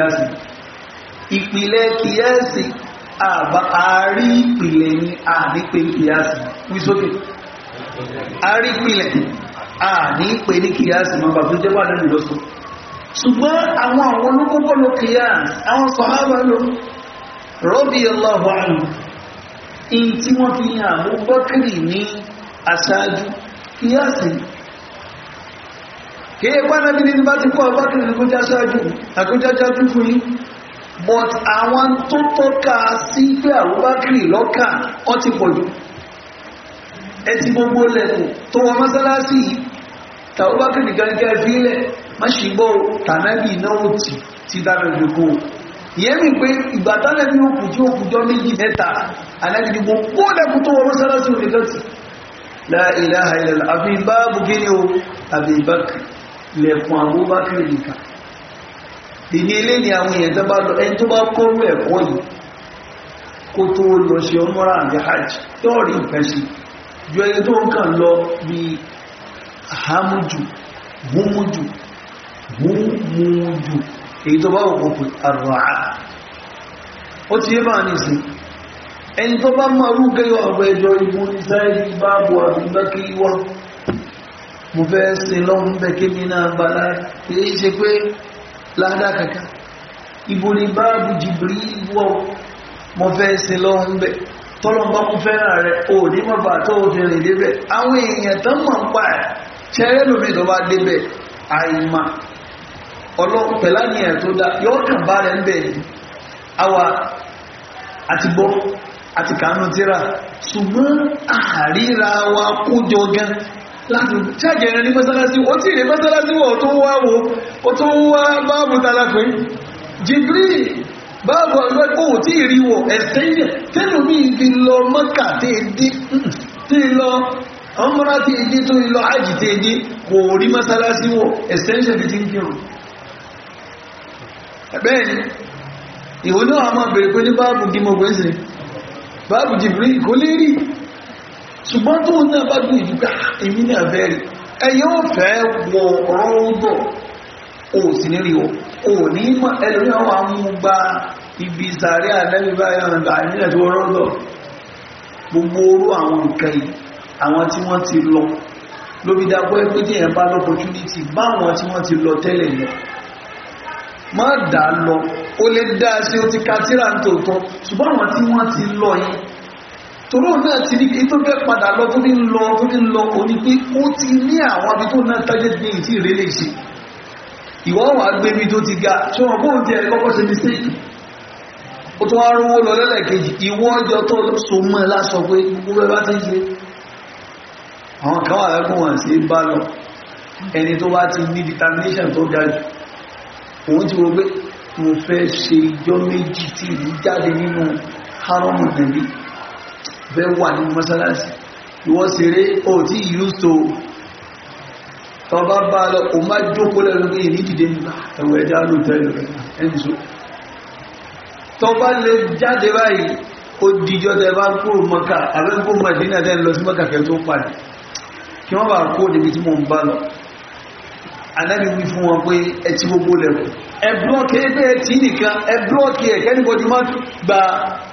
ń àbá àárí ìpìlẹ̀ ní ànípe kìíyàsì wíṣókè àárí ìpìlẹ̀ ànípe ní kìíyàsì ma bàtún jẹ́ wà lẹ́nu lọ́sọ ṣùgbọ́n àwọn àwọn olókókó ló kìíyàsì àwọn sọ̀hábà ló rọ́bì ọlọ́hu but àwọn tó tọ́ka sí pé àwòbákìrì lọ́kà ọ ti pọ̀ ẹ ti gbogbo lẹ́kùn tó wọ mọ́sálásí tàwọ́bákìrì gẹ́gẹ́ fílẹ̀ má ṣì gbọ́ tànábì náà tì ti dára gbogbo ìyẹn mi pé ìgbà tánàbí òkú tí òkú jọ méjì mẹ́ta ànábì gbogbo lẹ́kùn tó wọ mọ́sálásí òkè gẹ́tì àbí bá àbí lẹ́kùn nìkan tèmi ilé ni àwọn èèyàn tó bá lọ ẹni tó bá kọ́rú ẹ̀kọ́ yìí kó tó lọ ṣe ọmọrà àti hajj tó rí nǹkan sí ju ẹni tó ń kàn lọ bí hamuju mumuju mumuju èyí tó bá wò kó pè àrùhà ó ti yé bá ní sí ẹni tó bá máa rú laada kake ibuli ni gbara abu jibiri iwu ọ mọ fẹ si lọ n'ebe to lọ n'gbamu fere re o ni mafa to ojiri debe awon ehi etan ma n pa e chere elu re to wa debe aịma ọlọpèla ni ẹ to da yọ ka ba re n be ni awa ati atikanu ti ra sugbon aari ra awa kujo g láti ṣáàjẹ̀ ẹ̀rẹ́ ní mọ́sálásí ó tí ìrẹ́ mọ́sálásí wọ́n tó wá wo ó tó ń wá báàbù tàlàfẹ́ Jibril báàbù ọgbẹ́kọ́ ò tí ìrí wọ ẹ̀sẹ̀yẹ̀ tẹ́lù mí ibi lọ mọ́kà tí lọ ọmọrá tí ìdí tó lọ ájì tí ìdí kò rí mọ́sálásí wọ ẹ̀sẹ̀yẹ̀ ti ń kírun bẹ́ẹ̀ni ìwọ náà a máa bèèrè pé ní báàbù gímọ̀gbẹ́sẹ̀ báàbù Jibril kò lè rí ṣùgbọ́n tó náà bá gbé ìdúgbà ah, èmi náà bẹ̀rẹ̀ ẹ̀yẹ́ ò fẹ́ wọ rọ́ọ̀dọ̀ ò sì ní rí o ò ní mọ ẹlòmí àwọn amúgba ibi ìsàárẹ̀ àdẹ́bí báyọ̀ nígbà ìmílẹ̀ tó rọ́ọ̀dọ̀ gbogbo orú àwọn nǹkan yìí àwọn tí wọ́n ti lọ lóbi dàgbọ́ ẹ pé díẹ̀ bá lọ́pọ̀túnítì báwọn tí má dà lọ ó lè dá sí ó ti ka ń tòótọ́ ṣùgbọ́n àwọn tí wọ́n ti lọ yẹn torí òun náà ti ní kí tó fẹ́ padà lọ tó ní lọ tó ní lọ òní pé ó ti ní àwọn abí tó náà tájẹ́ ní ìtì ìrẹ́lẹ̀ ṣe ìwọ́ wà gbé mi tó ti ga tí wọ́n bóun jẹ́ kọ́kọ́ ṣe ní sẹ́yìn ó tó wá rówó lọ lẹ́lẹ̀kejì ìwọ́ ọjọ́ tó so mọ́ ẹ lásọ pé gbogbo ẹ bá ti ṣe àwọn kan wà lẹ́kùn wọn sí bá lọ ẹni tó bá ti ní determination tó ga jù òun ti wo pé mo fẹ́ ṣe ijọ́ méjì tí ìlú jáde nínú haramu nàìjíríà fẹ́ wà ní mọ́sálásí ìwọ́n ṣeré ó tí used to tọba bá lọ o má jókòó lẹ́nu pé èyí dìde nígbà ẹ̀wọ̀ ẹja ló tẹ́lù ẹni so tọba lè jáde báyìí ó dijọ́ tẹ bá kúrò mọ́kà àbẹ́ kó mọ̀dínà tẹ́ lọ sí mọ́kà kẹ́ tó padà kí wọ́n bá kó níbi tí mo ń bá lọ anábì wí fún wọn pé ẹ ti gbogbo lẹ́kọ̀ọ́ ẹ blọ́ọ̀kì ẹ bẹ́ẹ̀ tí nìkan ẹ blọ́ọ̀kì ẹ̀ kẹ́nìkan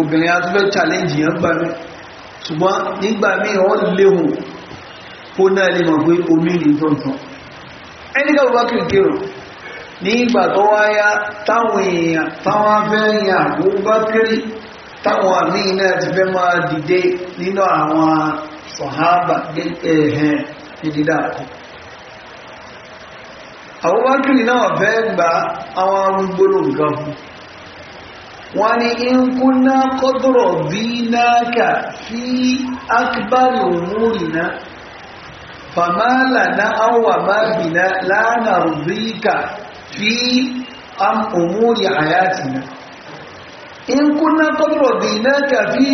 obìnrin atúfẹ́ challenge yẹn gbà mí ṣùgbọ́n nígbà míì ọ léhùn kó náà lè mọ̀ pé omi ní tọ̀tọ̀ ẹnìkan bàbá kìrìkìrò ní ìgbà tó wáyá táwọn èèyàn táwọn afẹ́ kiri gba wọ́n ní ìkúnná kọ́dọ̀rọ̀ bí náàkà fi akbari òmúrìnà fàmálà na áwà bábìnà lánà rùbíkà fi òmúrì àyátìnà in kunna qadra dinaka fi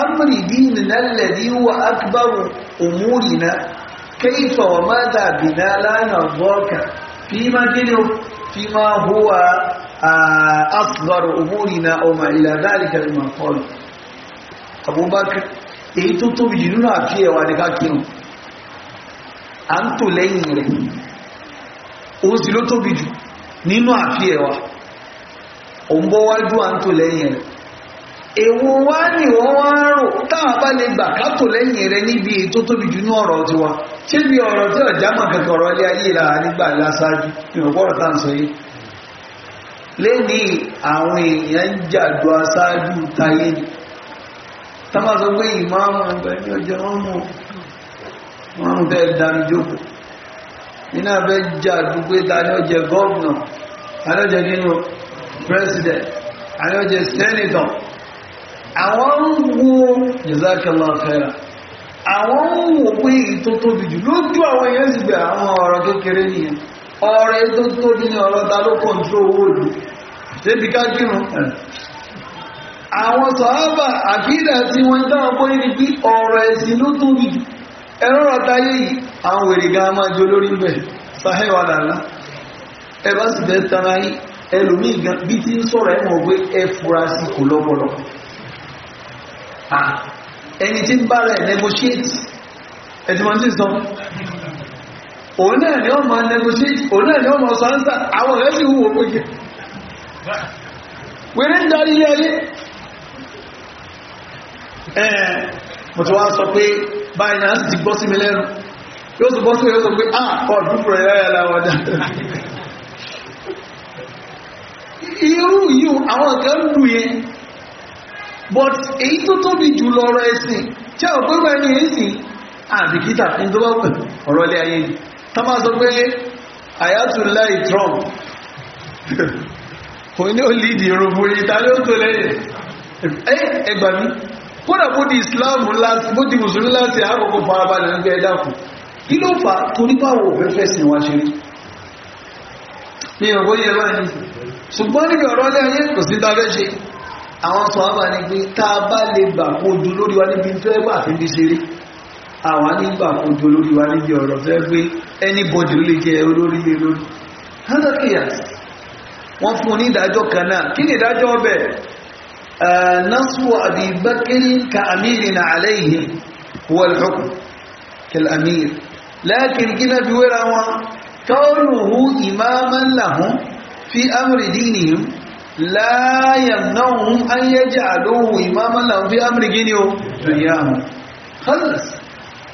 amri dinina alladhi huwa akbaru umurina kayfa wa madha bina la nadhaka fi ma kinu fi ma huwa أصغر أمورنا أو ما إلى ذلك مما قال أبو بكر èyí tó tóbi jù nínú àti ẹwà ní kákínù à ń tò lẹ́yìn rẹ̀ òun sì ló tóbi jù nínú àti ẹwà òun bọ́ wájú ń rò táwọn lè gbà ká lẹ́yìn níbi tóbi jù ní ọ̀rọ̀ tiwa ṣé bí ọ̀rọ̀ tí ọ̀já mọ̀ ọ̀rọ̀ ilé ayé lẹ́ni àwọn èèyàn ń jàdó aṣáájú tayé ni tọ́mà sọ pé ìmáàmù àgbà ní ọjọ́ wọn wọn fẹ́ dáni jókòó nínú abẹ́ jàdó pé nínú àwọn ń wo àwọn ń pé ìtótóbi jù lójú àwọn èèyàn sì ọ̀rẹ́ tó tóbi ní ọ̀rọ̀ ta ló kọ̀ǹtró owó ìlú débi ká kírun àwọn sọ̀hábà àkídà tí wọ́n ń dáhùn pé ní bí ọ̀rọ̀ ẹ̀sìn ló tóbi jù ẹ̀rọ ọ̀tá yé yìí àwọn wèrè gan máa jẹ olórí ń bẹ̀ sahẹ́wà làlá ẹ bá sì fẹ́ tara yín ẹlòmíì gan bí tí ń sọ̀rọ̀ ẹ̀ mọ̀ pé ẹ fura sí kò lọ́pọlọ ẹni tí ń bára ẹ̀ negotiate ẹ̀ sọ òun náà ni wọ́n máa nẹgosí òun náà ni wọ́n máa sáńsà àwọn rẹ̀ sì hùwò pé wèrè ń darí ilé ayé ẹ̀ẹ́ mo ti wá sọ pé báyìí náà ti gbọ́ sí mi lẹ́nu yóò sọ bọ́ sí yóò sọ pé ah ọdún fúnra ẹ̀rọ ẹ̀rọ àwọn ọ̀dà irú yìí àwọn kan ń lù yẹn but èyí tó tóbi jù lọ́rọ̀ ẹ̀sìn tí àwọn pẹ́pẹ́ ní ẹ̀sìn àbíkítà ní tó bá pẹ̀ ọ̀rọ̀ ilé ayé yìí tán máa sọ pé ayatollah trump kò ní ó lìdí irúgbó ìta ló tó lẹ́yìn ẹgbà mi kódà bó di islam láti bó di mùsùlùmí láti àkókò farabalẹ̀ nígbà ẹ̀dá kù kí ló fà tó nípa wo òfẹ́fẹ́ sí wa ṣe rí mi ò bóyá ẹ báyìí ṣùgbọ́n níbi ọ̀rọ̀ ilé ayé kò sí dáfẹ́ ṣe àwọn sọ̀rọ̀ bá ní pé tá a bá lè gbà kó ojú lórí wa níbi tó ẹgbà àfi bí ṣeré àwọn nígbà kojú olórí wa níbi ọ̀rọ̀ fẹ́ gbé anybody ló lè jẹ́ olórí lé lórí handakiya wọ́n fún ní ìdájọ́ kan náà kí ni ìdájọ́ ọbẹ̀ nasu abi bakr ka amirin alayhi huwa al-hukm kal amir lakin kina bi wera wọn kawruhu imaman fi amri dinihim la yamnahum an yaj'aluhu imaman lahum fi amri dinihim dunyahum khalas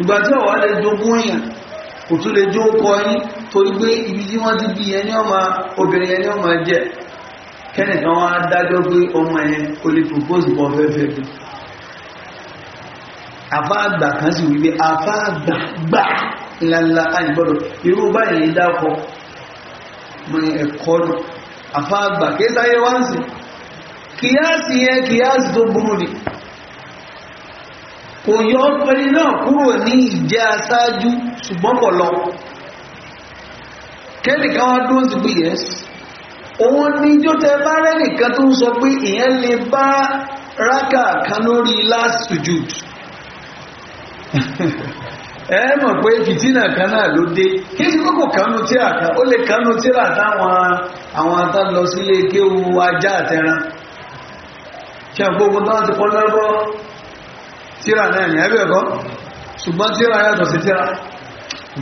ìgbà tí ọ̀wá lè jogún èèyàn kò tún lè jó kọ yín torí pé ibi tí wọ́n ti bí yẹn ní ọmọ obìnrin yẹn ní ọmọ jẹ́ kẹ́nìkan wá dájọ́ pé ọmọ yẹn kò lè propose bọ́ fẹ́fẹ́ bí àfá àgbà kan sì wípé àfá gbà ńláńlá àìgbọ́dọ̀ irú báyìí dákọ̀ mọ ẹ̀kọ́ náà àfá àgbà kéésàyé wá ń sìn kìyàsì yẹn kìyàsì tó burú ni. kò yọ naa náà kúrò ní ìjẹ́ aṣáájú ṣùgbọ́n kò lọ tupu wá dúró sí pé yẹn òun ní ijó tẹ bá rẹ́nìkan tó ń sọ pé ìyẹn lè bá rákà kan lórí last ẹ mọ̀ pé fìtínà kan náà ló dé kí sí kókò kanú tíra kan ó lè kanú àwọn atálọ sílé kéwu ajá àtẹran tó tíra náà ní ẹgbẹ́ ẹ̀kọ́ ṣùgbọ́n tíra yàtọ̀ sí tíra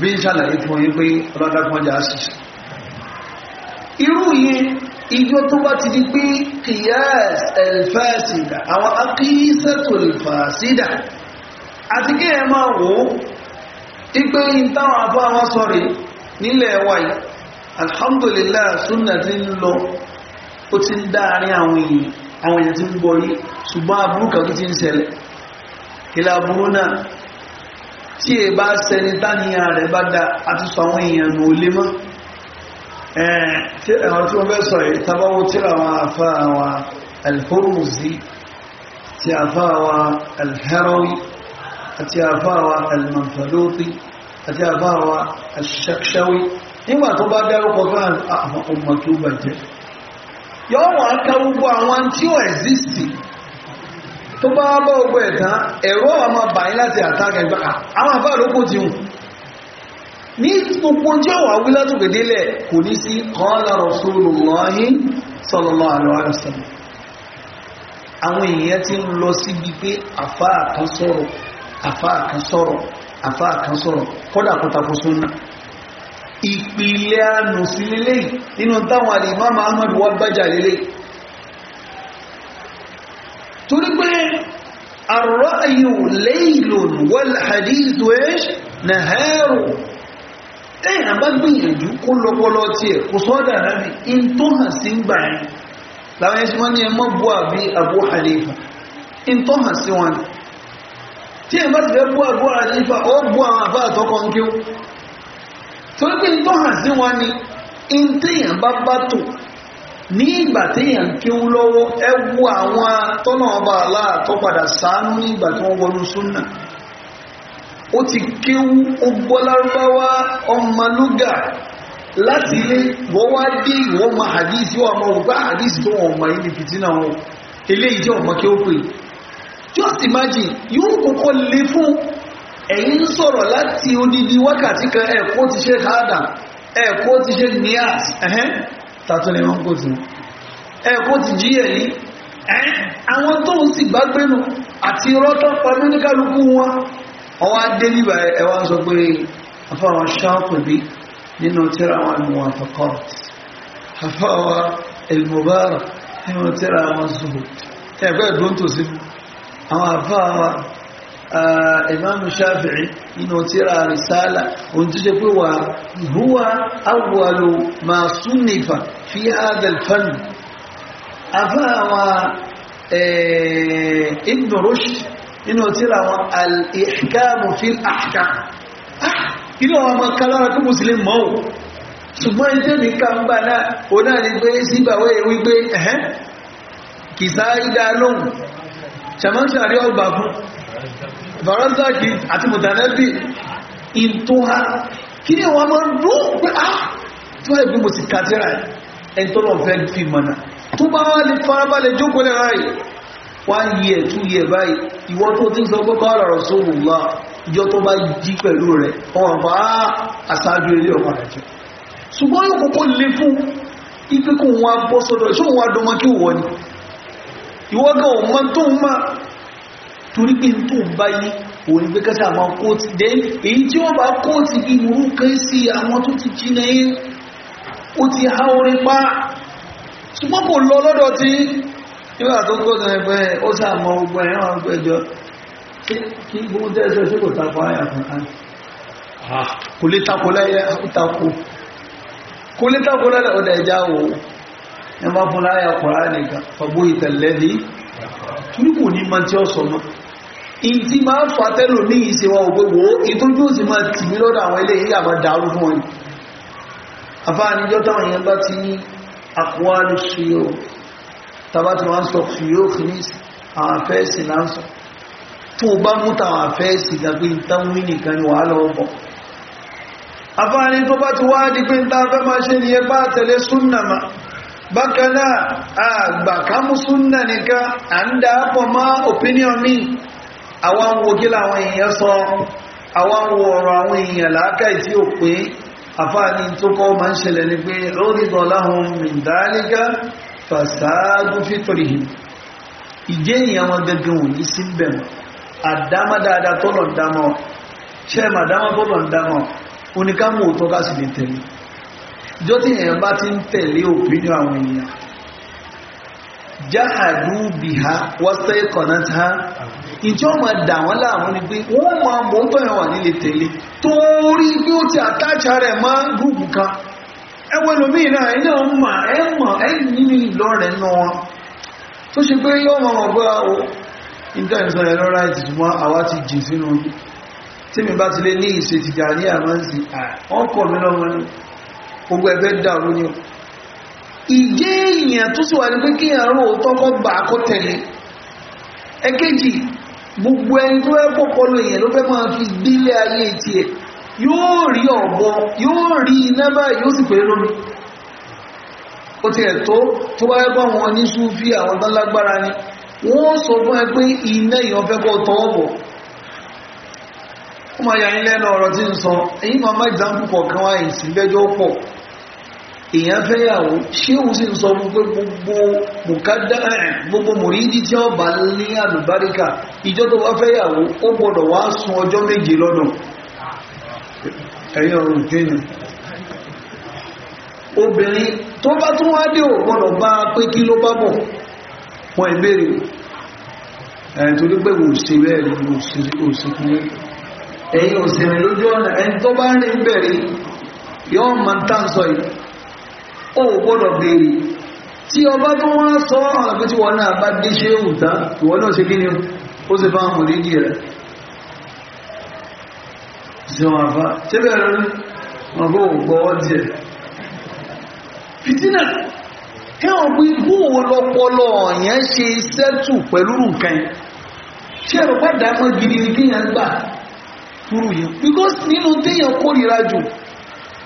bí i ṣàlàyé fún yí pé ọlọ́dàkùnjà àṣìṣe irú yìí ìjọ tó bá ti di pé kìyàs ẹ̀lfàṣìdà àwọn akíṣẹ́tò ẹ̀lfàṣìdà àti kí ẹ máa wò ó ipé ìtawọn àbọ́ àwọn sọ̀rọ̀ nílẹ̀ wáyé alhamdulillah súnà kìlá burú náà tí è e bá sẹni táníyàn rẹ̀ bá da àti sọ àwọn èèyàn nù lé mọ́ àwọn tí wọ́n fẹ́ sọ yìí tábáwó tí àwọn àfa àwọn alhurmuzi àti àfa àwọn alharawi àti àfa àwọn almanfaloti àti àfa àwọn alṣakṣawi nígbà tó bá dárúkọ fún àwọn ọmọ tó bàjẹ́ yọ wọn ká gbogbo àwọn tí ó ẹ̀zísì tó bá bá ogbó ẹ̀tàn ẹ̀rọ àmọ́ bàyín láti àtàkà ìgbà àwọn àbá àlókò ti hùn ní gbogbo jẹ́ wà wí látòkèdélẹ̀ kò ní sí qala rasulullahi sallallahu alaihi wasallam àwọn èèyàn ti ń lọ síbi pé àfáà kan sọ̀rọ̀ àfáà kan sọ̀rọ̀ àfáà kan sọ̀rọ̀ kódà kó tako súnà ìpìlẹ̀ ànùsí lélẹ́yìn nínú táwọn àlè Imam torí pé ar-ra'yu laylun wal hadithu ish naharu tẹ́yìn àbá gbìyànjú kó lọ́pọlọ tí ẹ̀ kò sọ́dà rábì in tó hàn sí ń gbà yìí láwọn ẹ̀ṣin wọ́n ní ẹ mọ́ bú àbí Abu Hanifa in tó hàn sí wọn tí ẹ bá ti fẹ́ bú Abu Hanifa ó bú àwọn àbá àtọ́kọ́ ń kíw torí pé in tó hàn sí wọn ni in tẹ́yìn àbá bá tò ní ìgbà téèyàn kéwú lọ́wọ́ ẹ wo àwọn tọ́nà ọba aláà padà sàánú ní tí wọ́n súnà ó ti kéwú ó gbọ́ lárúbáwá ọmọlúgà láti ilé wọ́n wá dé ìwọ́n ma hadisi wọ́n ma tó wọ́n ma ilé fìtínà ọmọ just imagine yóò kọ́kọ́ fún ẹ̀yin sọ̀rọ̀ láti odidi wákàtí kan ẹ̀kọ́ ti ṣe hádà ẹ̀kọ́ ti ṣe tàtún lè wọ́n kò tí ẹ̀kọ́ ti jí ẹ̀rí àwọn tó ń sì gbágbénu àti rọ́tọ́ pẹ̀lú ní kálukú wọn ọwá dé níbà ẹwà sọ pé afáwọn ṣáàpù bí nínú tíra wọn ni wọn fọkọ afáwọn elmobara nínú tíra wọn zuhud ẹgbẹ́ ìdóntòsí àwọn afáwọn imam shafi'i inú tírà risala ohun tí ṣe pé wà huwa awwalu ma sunnifa fi hadha al-fann afawa ibn rushd inú tírà wọn al-ihkam fi al-ahkam ilé wọn ma kalára kí muslim mọ́ o ṣùgbọ́n ìtẹ́mi ká ń bá náà o náà ni pé sígbàwé wípé kìsáà ìdá lóhùn ṣàmọ́sàrí ọgbà fún Barazaki àti Mùtànẹ́bì in tó ha kí ni wọ́n máa ń dún pé á tó ẹ̀ bí mo sì kàtírà ẹni tó lọ́n tó bá wá lè farabalẹ̀ jókòó lẹ́ ráyè one year báyìí tó Rasulullah ìjọ tó ah, ipe ni torí pé tó ń bá yí òun gbé kẹta àwọn kóòtù dé èyí tí ó bá kóòtù bí burúkú sí àwọn tó ti jìnà yí ó ti há orí pa ṣùgbọ́n kò lọ lọ́dọ̀ tí nígbà tó kóòtù ẹgbẹ́ ó sàmọ́ ogun ẹ̀rọ ọgbẹ́jọ kí gbóhùn tẹ́sẹ̀ sí kò tako àyà kan kò lè tako lẹ́yẹ àkútako kò lè tako lẹ́lẹ̀ ọ̀dà ẹja wò ẹ má fún láyà kọ̀ọ̀rá nìkan fàbó ìtẹ̀lẹ́ni torí kò ní máa tí ó sọ náà ìtì máa ń fàtẹ́lò ní ìṣèwà ògbégbò ìtọ́jú òsì máa tì mí lọ́dọ̀ àwọn ilé yíyà máa dàrú fún wọn àfáàníjọ́ táwọn èèyàn bá ti ní àkọwàlù ṣíyò tàbá ti wọ́n sọ ṣíyò kìínísì àwọn sọ tó bá mú tàwọn ni wàhálà ọbọ̀ àfáàní tó bá ti wá súnnà ma bákan náà àgbà kámú súnnà nìkan à ń dà á pọ̀ mọ́ opinion mi àwọn wo kí làwọn èèyàn sọ àwọn wo ọ̀rọ̀ àwọn èèyàn làákàyè tí ò pé àfáàní tó kọ́ máa ń ṣẹlẹ̀ ni pé ó dìgbà láhùn mìndálígá fàṣáàdù fítorì hìn ìjẹ́yìn àwọn gẹ́gẹ́ wò ní síbẹ̀ jahadu biha ha ìjọ ma dà wọ́n láàmú ni pé ma mọ̀ ń tọ́yọ̀ wà nílé tẹ̀lé torí bí ó ti àtàjà rẹ̀ máa ń gúrùpù kan ẹwọ́n lómi náà iná ń mà ẹ mọ̀ ẹ nínú ìlọ rẹ̀ tó ṣe pé yóò ah, o nígbà ìsọ rẹ̀ lọ́ra ti mọ́ àwa ti jì sínú ìjẹ́ èèyàn tó sì wà ní pé kí àárò tọ́kọ́ gbà kó tẹ̀lé ẹ̀kejì gbogbo ẹni tó fẹ́ pọ̀pọ̀lọ èèyàn ló fẹ́ máa fi délé ayé tiẹ̀ yóò rí ọ̀bọ yóò rí iná báyìí yóò sì pé lómi ó ti ẹ̀ tó tó bá yẹ ní súfì àwọn tán lágbára ni wọ́n sọ fún ẹ pé iná èèyàn fẹ́ kó èèyàn fẹ́yàwó ṣé òun sì ń sọ fún gbogbo mùkádàrà gbogbo tí ó bá ní àlùbáríkà ìjọ tó bá fẹ́yàwó ó gbọ́dọ̀ wá sun ọjọ́ méje lọ́nà ẹ̀yìn ọ̀rùn obìnrin tó bá tún wá dé ò gbọ́dọ̀ bá pé kí ló bá bọ̀ ìbéèrè wò sí ẹni tó bá bẹ̀rẹ̀ ó gbọ́dọ̀ béèrè tí ọba tó wọ́n sọ àlàbí tí wọ́n náà bá dé ṣe òun tán ìwọ́n náà ṣe kí ni ó sì bá wọn mọ̀lẹ́ díẹ̀ rẹ̀ ṣe wọn àfá ṣé bẹ̀rẹ̀ rí wọn kó gbọ́wọ́ díẹ̀ fìtínà kẹ́wọ̀n pé bóòwò lọ́pọlọ yẹn ṣe sẹ́tù pẹ̀lú nǹkan ṣé ẹ̀rọ bá dáa mọ́ gidi ni kéèyàn gbà kúrú yẹn because nínú téèyàn kórìíra jù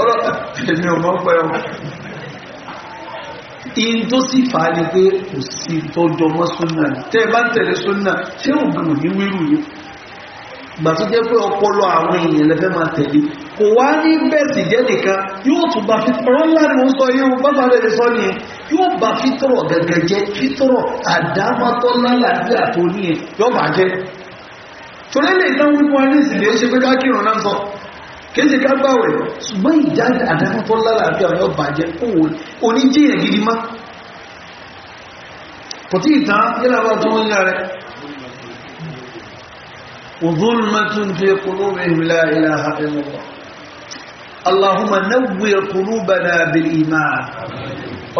ọ̀rọ̀ èmi ò mọ̀ pẹ́ o in tó sì fà á ni pé kò sí tọ́jọ́ mọ́ súnà tẹ́ ẹ bá ń tẹ̀lé súnà ṣé òògùn ní wíwù yìí gbà tó jẹ́ pé ọpọlọ àwọn èèyàn lẹ́fẹ́ máa tẹ̀lé kò wá ní bẹ́ẹ̀sì jẹ́ nìkan yóò tún bá fítọ̀rọ̀ ńlá ni mo sọ yóò bá bá bẹ̀rẹ̀ sọ ni yóò bá fítọ̀rọ̀ gẹ̀gẹ̀ jẹ́ fítọ̀rọ̀ àdámátọ́ lálàáfíà tó ní yóò bá jẹ́ torí lè náwó fún ní ìsìlẹ̀ ó ṣe pé ká kírun náà sọ kéèsì ká gbáwẹ̀ ṣùgbọ́n ìjáde àdáfọ́fọ́ lálàáfíà ọ̀yọ́ bàjẹ́ oníjìyàn gidi má kò tí ìtàn yẹ́làwà tó ń yà rẹ̀ وظلمة في قلوبهم لا إله إلا الله اللهم نور قلوبنا بالإيمان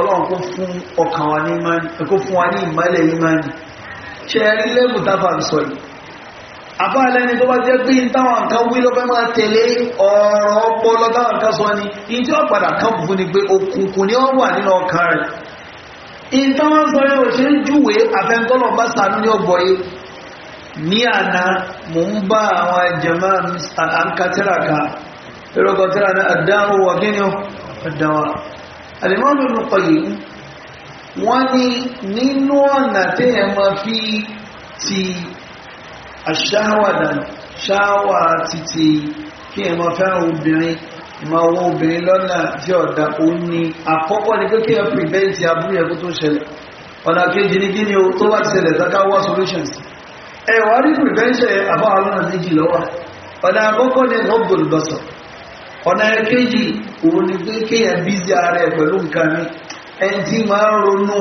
ọlọ́run kó fún ọkàn wa ní ìmánì àbáàlẹ́ni tó bá jẹ́ pé táwọn nǹkan wí ló fẹ́ máa tẹ̀lé ọ̀rọ̀ ọpọlọ táwọn nǹkan sọ ni in tí ó padà fún ni pé òkùnkùn ni ó wà nínú ọkàn rẹ̀ in sọ ṣe ń júwèé bá sàánú ní yìí ní àná mò ń bá àwọn ní àdáwò fi ti aṣáwàdà ṣáwà títí kí ẹ máa fẹ́ràn obìnrin ma wo obìnrin lọ́nà tí ọ̀dà ó ní àkọ́kọ́ ni pé kí ẹ prevent tó ṣẹlẹ̀ ọ̀nà kejì ní o tó bá ti ṣẹlẹ̀ wá solutions ẹ wà rí prevention àbáwá lọ́nà méjì lọ́wọ́ ọ̀nà àkọ́kọ́ ni ọgbọ̀n lọ́sọ̀ ọ̀nà kejì òun ni pé kí ara ẹ pẹ̀lú nǹkan mi ẹni tí máa ń ronú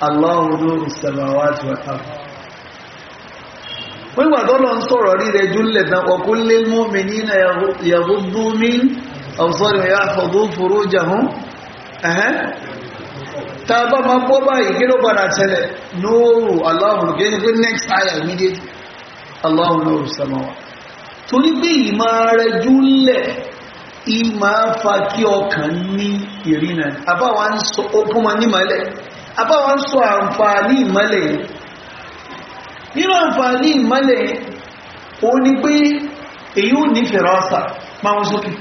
Allahu nuru samawati wal ardh wíwà tọ́lọ ń sọ̀rọ̀ rí rẹ̀ júlẹ̀ tán wa kullil mu'minina yaghuddu min absarihim wa yahfazu furujahum tá a bá máa gbọ́ báyìí kí ló padà tẹ́lẹ̀ nóòrù aláhùn kí ní pé next aya immediate aláhùn nóòrù samawa torí pé ìmọ̀ rẹ̀ júlẹ̀ ìmọ̀ fa kí ọkàn ní ìrìnà àbáwá ń sọ okùn ma nímọ̀lẹ̀ àbá wọn sọ àǹfààní ìmọ́lẹ̀ nínú àǹfààní ìmọ́lẹ̀ o ní pé èyí ò ní fẹ̀rọ́sà máa wọn sókè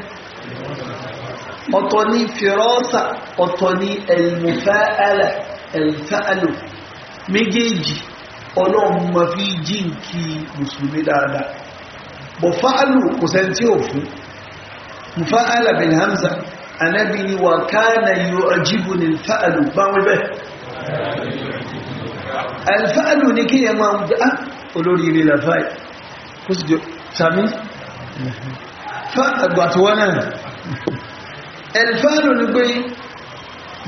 ọ̀tọ̀ ní fẹ̀rọ́sà ọ̀tọ̀ ní ẹ̀lùfẹ́ẹ̀lẹ̀ ẹ̀lùfẹ́ẹ̀lù méjèèjì ọlọ́run ma fi jíǹkí mùsùlùmí dáadáa bọ̀ fa'alù kò alfa'alu ní kí yẹn máa ń gbá ah, olórí ilé lafáì kó sì jọ sami fàgbàtíwá náà alfa'alu ní pé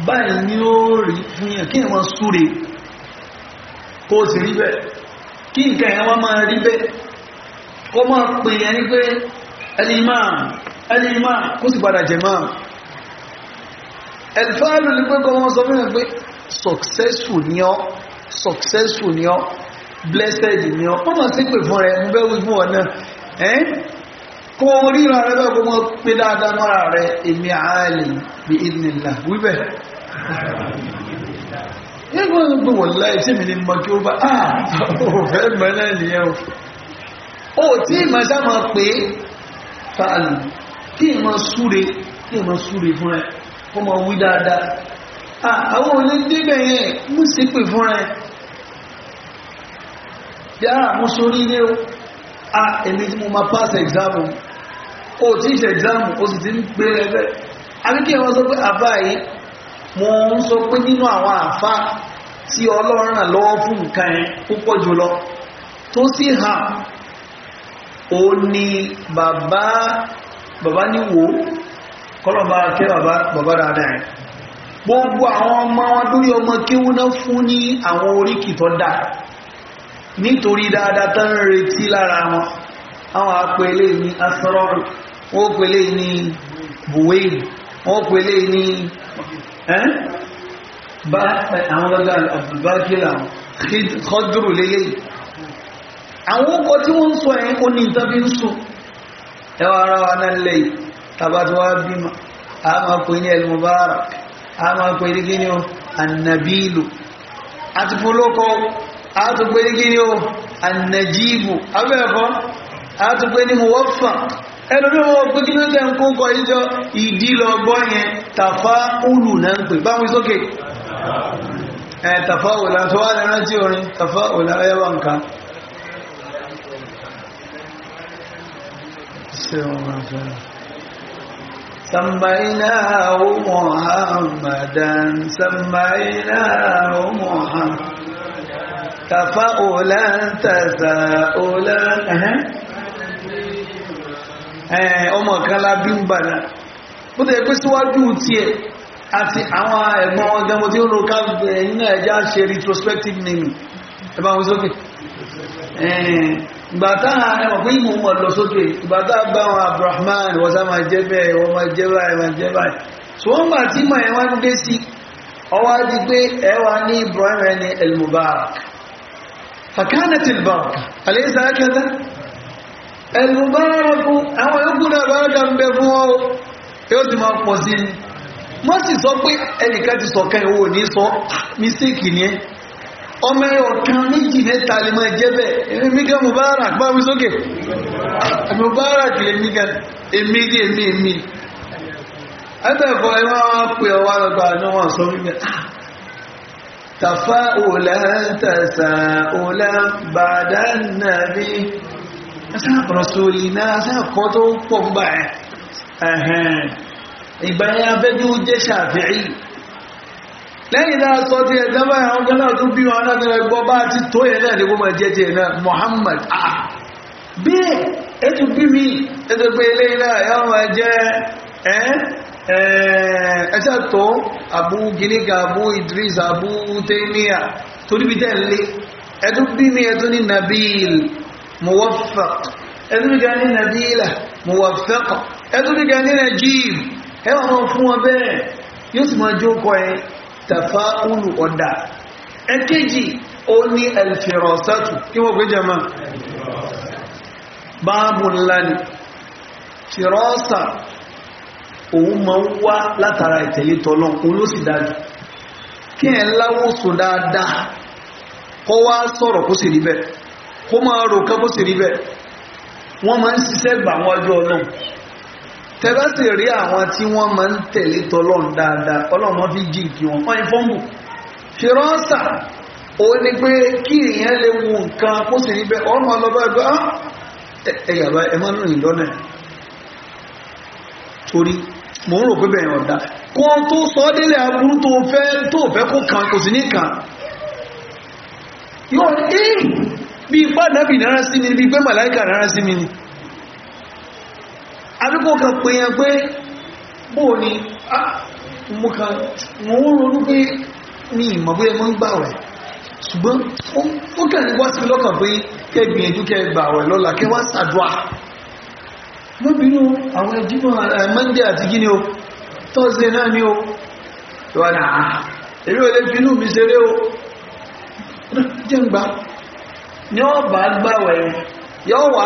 báyìí ní ó rí fún yẹn kí yẹn máa súre kó sì rí bẹ́ẹ̀ kí nǹkan yẹn wá máa rí bẹ́ẹ̀ kó máa pè yẹn ní pé ẹlìmáà ẹlìmáà kó sì padà jẹ máa alfa'alu ní pé kọ́ wọ́n sọ fún yẹn pé successful ni ọ́ successful ni ọ́ blessed ni ọ́ wọ́n máa ṣe pè fún rẹ mo fẹ́ wí fún ọ náà ẹ́n kó o ríra rẹ bẹ́ẹ̀ kó o pé dáadáa mọ́ra rẹ èmi àálẹ̀ bí ìdìnnìlá wíbẹ̀ nígbà tó gbé wọ̀ láì tí mi ní mọ kí ó bá a ah! ò fẹ́ mọ náà nìyẹn o ò tí ì máa ṣá máa pè é fàálù kí ì máa súre kí ì máa súre fún ẹ kó máa wí dáadáa. àwọn olè débẹ̀ yẹn mú sí pè fún rẹ̀ bí a ah, ah, èmi tí mo ma pass exam o tí ìṣe exam o sì ti ń gbé lẹ́fẹ́ akíkẹ́ wọn sọ pé àbá yìí mo ń sọ pé nínú àwọn àfa tí ọlọ́run ràn lọ́wọ́ fún nǹkan yẹn púpọ̀ jùlọ tó sì hàn ó ní bàbá bàbá níwò bá kẹ́ bàbá bàbá dáadáa gbogbo àwọn ọmọ wọn lórí ọmọ kéwú náà fún ní àwọn oríkì tó dà nítorí dáadáa tó ń retí lára wọn àwọn apẹ̀lẹ̀ ní asọ́rọ̀rù wọ́n pẹ̀lẹ̀ ní buwéyì wọ́n pẹ̀lẹ̀ ní àwọn ọlọ́gbà abdulbakila kọjúrù lélẹ̀ àwọn ọkọ̀ tí wọ́n ń sọ ẹ̀ ó ní ìtọ́bí ń sọ ẹwà ara wa náà lẹ́yìn tàbátí bímọ àmà pè ní ẹlmùbárak a máa pè ní kí ni o annabilu àti polókọ a tó pè ní kí ni o annajibu abẹ́ẹ̀kọ́ a tó pè ní muwafa ẹlòmí wọn pé kí ló tẹ́ ń kó kọ ìjọ ìdílọgbọ́ yẹn tàfá ulù náà ń pè báwọn sókè tàfá òlà tó wà lẹ́rán tí orin سميناه محمدا سميناه محمد تفاؤلا تساؤلا ọmọ kan la bí ń pé síwájú àti àwọn wọn gbàtà ẹwà ìmọ̀ mọ̀ lọ sókè gbàtà bá wọn Abdulrahman wọ́n máa jẹ́ bẹ́ẹ̀ wọ́n máa jẹ́ báyìí máa jẹ́ báyìí so wọ́n gbà tí mọ̀ ẹ̀wọ́n dé sí ọwọ́ di pé ẹwà ní Ibrahim ẹni elmubarak elmubarak àwọn yòókù náà ń bẹ fún ọ yóò ti máa pọ̀ sí sọ pé ẹnìkan ti ìwò ní sọ ah, ni ọmọ ọ̀kan méjì mẹ́ta lè máa jẹ́ bẹ́ẹ̀ èmi mígá mubarak bá mi sókè mubarak lè mígá èmi rí èmi èmi ẹgbẹ̀kọ́ ẹwà wọn pè ọwọ́ àgbà ní wọn sọ wípé tàfà òlà tàṣà òlà bàdà nàbí rọ̀sùlì náà sẹ́kọ́ tó pọ̀ ń bà ìgbà yẹn abẹ́jú jẹ́ ṣàfihì lẹ́yìn náà sọ ti ẹ̀dá báyìí àwọn kan náà tún bí wọn náà tẹ́lẹ̀ gbọ́ bá ti tó yẹn náà ní kó máa jẹ́ tiẹ̀ náà Muhammad ah, ah. bẹ́ẹ̀ ẹ tún bí mi ẹ tó pé eléyìí náà yóò máa jẹ́ ẹ́ ẹ ṣáà tó Abu gíníkà Abu Idris Abu Taymiya yóò sì máa jókòó ẹ tafáúlù ọ̀dá ẹkẹ́jì ó ní alfirasatu kí wọ́n gbé jẹma báàbù ńlá ni firasa òun ma ń wá látara ìtẹ̀lé tọ́lọ́ òun ló sì dájú kí ẹ̀ láwọ́ sùn dáadáa kọ́ wá sọ̀rọ̀ kó sì rí kó máa rò ká kó sì rí wọ́n máa ń ṣiṣẹ́ gbà wájú ọlọ́run tẹ́lá sì rí àwọn tí wọ́n máa ń tẹ̀lé tọ́lọ́n dáadáa ọlọ́run máa fi jí ìkí wọn fọ́n ìfọ́nbù ṣe rọ́ọ̀sà ó ní pé kí èèyàn lè wu nǹkan kó sì rí bẹ́ẹ̀ ọmọ ọlọ́ba ẹgbẹ́ á ẹ̀yà bá ẹ máa ń rìn lọ́nà torí mò ń rò pé bẹ́ẹ̀ ọ̀dà kó tó sọ ọ́ délé aburú tó fẹ́ tó fẹ́ kó kan kò sì ní kan yóò ní bí ipá nàbì nára sí mi bí pé màláìkà nára sí mi ni. àbíkò kan pèèyàn pé bóò ni ah, mo kàn ronú pé ní ìmọ̀ ń gbà rẹ̀ ṣùgbọ́n ó ní wá sí lọ́kàn pé rẹ̀ lọ́la kẹ́ wá àwọn àti gíní o náà o náà èrè olè mi ṣeré o jẹ́ǹgbà wà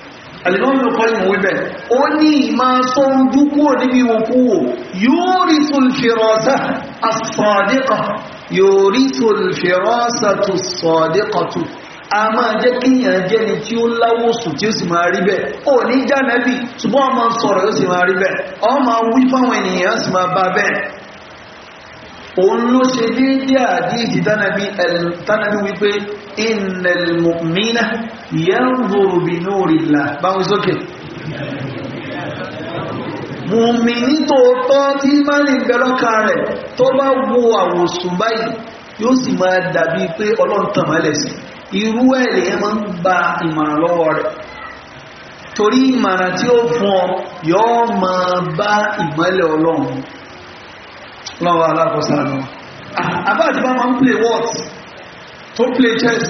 àlìmọ́mí ọkọ̀ ìmọ̀ wíbẹ̀ ó ní ìmá sọ ojú kúrò níbi ìwòkúwò yóò rí sulfirọ́sá asọ̀dẹ́kọ̀ yóò rí sulfirọ́sá tó sọ̀dẹ́kọ̀ tó a máa jẹ́ kíyàn jẹ́ni tí ó láwòsù tí ó sì máa rí bẹ́ẹ̀ ó ní jánẹ́bì ṣùgbọ́n ọmọ sọ̀rọ̀ ó sì máa rí bẹ́ẹ̀ ọmọ wí fáwọn ènìyàn sì máa bá bẹ́ẹ̀ òun ló ṣe déédé àdíjì tánàbí tánàbí wípé innal mu'mina yanzuru bi nurillah báwọn sókè mùmí nítòótọ́ tí mánì bẹ̀lọ́ka rẹ̀ tó bá wo àwòsùn báyìí yóò sì máa dàbí pé ọlọ́run tàn mọ́lẹ̀ sí irú ẹ̀ lèyẹn máa ń gba ìmọ̀ràn lọ́wọ́ rẹ̀ torí ìmọ̀ràn tí ó fún ọ yóò máa bá ìmọ̀lẹ̀ ọlọ́run lọ́wọ́ alákọ̀ọ́sánú ah, àbá àti bá máa ń play what tó play chess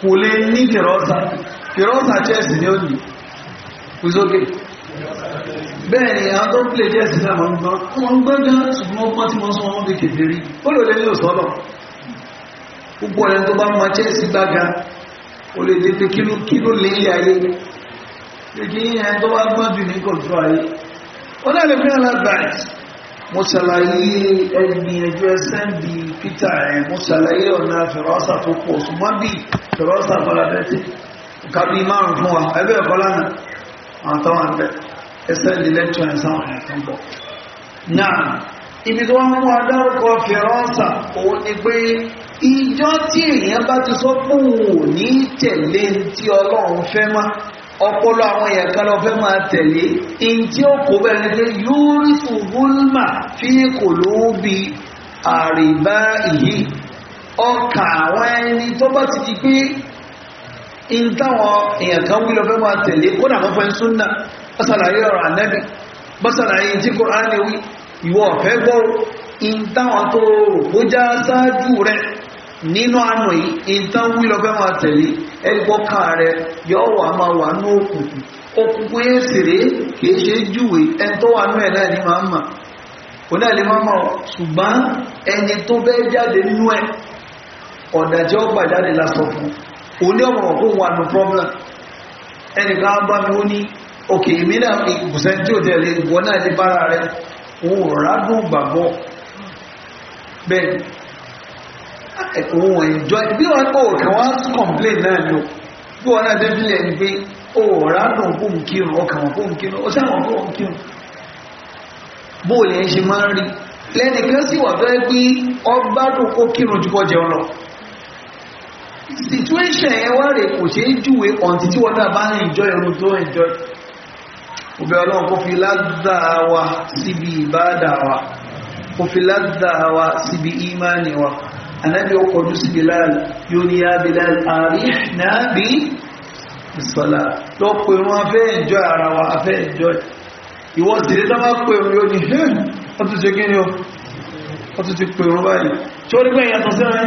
kò lè ní kìrọ́sà kìrọ́sà chess ni ó ní ìzókè bẹ́ẹ̀ ni àwọn tó play chess náà máa ń gbọ́n wọ́n ń gbọ́n gan ṣùgbọ́n ọgbọ́n tí wọ́n sọ wọ́n fi kèfè rí ó lò lè ní òsọ́lọ̀ púpọ̀ ẹni tó bá máa chess gbága ó lè dé pé kí ló lè ilé ayé pé kí ẹni tó bá gbọ́n jù ní kọ̀ọ̀tù ayé ó náà lè fi hàn lágbàáyé mo ṣàlàyé ẹgbìyànjú ẹsẹ̀ bí peter ẹ̀ mo ṣàlàyé ọ̀nà fẹ̀rọ̀sà tó pọ̀ ṣùgbọ́n bí fẹ̀rọ̀sà fọlábẹ́tì nǹkan bíi márùn fún wa ẹgbẹ́ ẹ̀kọ́ lánàá àwọn táwọn àgbẹ̀ ẹsẹ̀ ibi tó wọn mú adárúkọ fẹ̀rọ̀sà òun ni pé ìjọ tí èèyàn bá ti sọ ọpọlọ àwọn èèyàn kan lọ fẹ́ máa tẹ̀lé in tí ó kó bẹ̀rẹ̀ pé yúrí fùgúlmà fi kò lóbi àrìbá ìyí ọkà àwọn ẹni tó bá ti di pé in táwọn èèyàn kan wí lọ fẹ́ máa tẹ̀lé kó nà fọ́fẹ́ súnà bọ́sàlàyé ọ̀rọ̀ ànẹ́bì bọ́sàlàyé tí kò ránì wí ìwọ ọ̀fẹ́ gbọ́ in táwọn tó rò bójá sáájú rẹ̀ nínú àná yìí nǹkan wí lọ fẹ́ máa tẹ̀lé ẹgbọ́ká rẹ yóò wà máa wà ní òkùnkùn òkùnkùn yẹn sèré kìí ṣe júwe ẹni tó wà ní ẹ̀ náà ní máa mà kò náà lè máa mà ṣùgbọ́n ẹni tó bẹ́ẹ̀ jáde nínú ẹ̀ ọ̀dàjẹ́ ọgbà jáde lásán fún problem bá mi ó ní òkè náà tí ò tẹ̀lé náà bára rẹ òun òun ò enjoy bí wọn kò kàn wá complain náà ni o bí wọn náà débi lẹ́ni pé o ọ̀rá dùn kó ń kírun ọkàn wọn kó ń kírun ó sáwọn kó ń kírun bó lè ṣe máa ń rí lẹ́ni kan sì wà fẹ́ pé ọgbá dùn kó kírun jù kọjẹ ọ̀rọ̀ situation yẹn wá rè kò ṣeé júwe ọ̀ǹtí tí wọn náà bá ń enjoy irun tó enjoy òbẹ̀ ọlọ́run kó fi ládà wa síbi ìbádà wa kó fi ládà wa síbi ìmánì wa anábì ó kọjú sí bilal yóò ní yá bilal àríhìnà bí ìsọ́lá lọ pè wọn afẹ́ ìjọ ara wa afẹ́ ìjọ ìwọ sílé tó bá pè wọn yóò ní hẹ́n hmm, ó tún ṣe kíni o ó tún ti pè wọn báyìí tí ó nígbà ìyàtọ̀ sí rẹ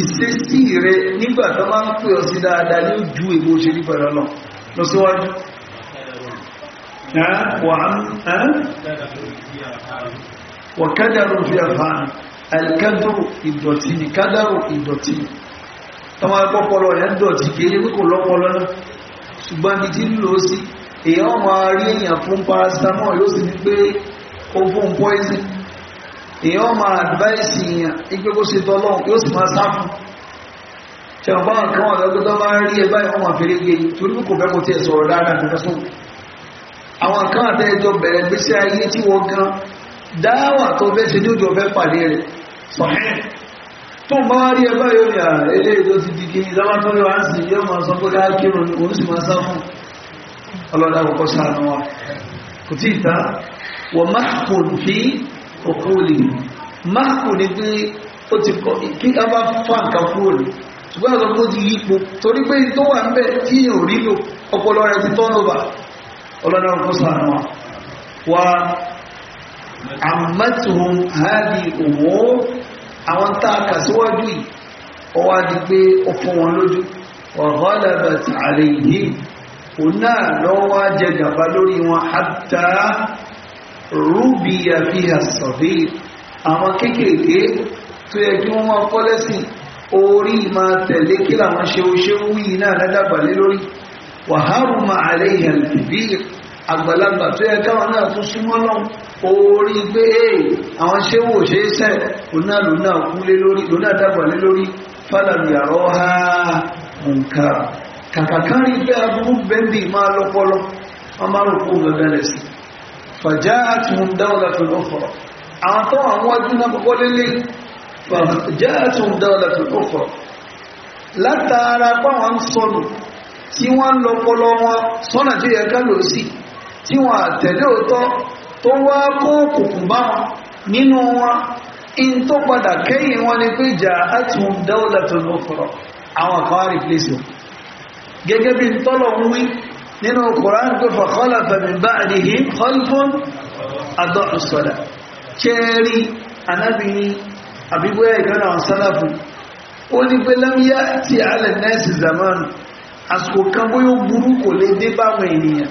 ìṣesí rẹ nígbà tó máa ń pè ọ sí dáadáa ní ojú èbó ṣe ní pẹ̀lú ọlọ lọ síwájú wàkádàrún fi àfáàní alikẹ́dùrù ìdọ̀tí ni kádàrù ìdọ̀tí tọ́wọ́ ẹgbọ́pọlọ rẹ̀ ń dọ̀tí kéde pé kò lọ́pọlọ náà ṣùgbọ́n ní lò sí rí fún paracetamol yóò sì ní pé ó fún ipe kó ṣe tọ́lọ́ yóò sì máa kan àwọn kan àtẹ́jọ bẹ̀rẹ̀ gbéṣẹ́ dáwà tó bẹ́ ṣe lójú ọbẹ́ pàdé rẹ̀ sọ̀hẹ́ tó bá rí ẹgbẹ́ yóò rí ààrẹ ilé ìjọ ti di kí ìdámátọ́rí wá sí yóò máa sọ pé káàkiri ní oṣù máa sá fún ọlọ́dà kọ́kọ́ sáànà wa kò tí ìta wọ máàkùn fi òkú lè máàkùn ní pé ó àmọ́tòun àádì òwò àwọn tá a kà síwájú yìí ó wá di pé ó fún wọn lójú ọ̀gọ́dàbà tààrí yìí òun náà lọ́wọ́ wá jẹ gàba lórí wọn àtà rúbìyà fi àsọ̀dé àwọn kéékèèké tó yẹ kí wọ́n máa kọ́ lẹ́sìn orí máa tẹ̀lé kí làwọn ṣe oṣèwú yìí náà ládàbà wàhálùmọ̀ àlẹ́ ìhẹ̀lẹ̀ àgbàlagbà tó yẹ káwọn náà tún súnmọ́ lọ́n orí pé ee àwọn ṣé wò ṣe é sẹ́ òun náà lòun náà kú lé lórí lòun náà dàgbà lé lórí fàlàlù yàrá ha nǹka kàkà kan rí pé aburú bẹ́ẹ̀bì máa lọ́pọ́lọ́ wọn máa rò kó gbẹgbẹ rẹ̀ sí fàjá àti mú dáwọ́lá tó lọ́ fọ̀rọ̀ àwọn tó àwọn wájú náà kọ́kọ́ lélẹ̀ fàjá àti mú dáwọ́lá tó lọ́ fọ̀rọ̀ látara pàwọn sọnù tí wọ́n lọ́pọ́lọ́ wọn sọ́nà tó yẹ ká lò sí tí wọ́n àtẹ̀lé òótọ́ tó wá kó òkùnkùn bá wọn nínú wọn in tó padà kẹ́yìn wọn ni pé ìjà àtún dáwọ́dà tó lọ fọ̀rọ̀ àwọn kan á rìpléṣì wọn gẹ́gẹ́ bí tọ́lọ̀ ń wí nínú Kùránì pé fàkọ́lá tàbí bá àdìhí khalfun adọ́ ìsọ̀dà kẹ́rí anábìnrin àbígbóyà ìkan àwọn sálàfù ó ní pé lámíyá ti alẹ̀ nẹ́ẹ̀sì zamanu àsìkò kan bóyá ó burú kò lè dé báwọn ènìyàn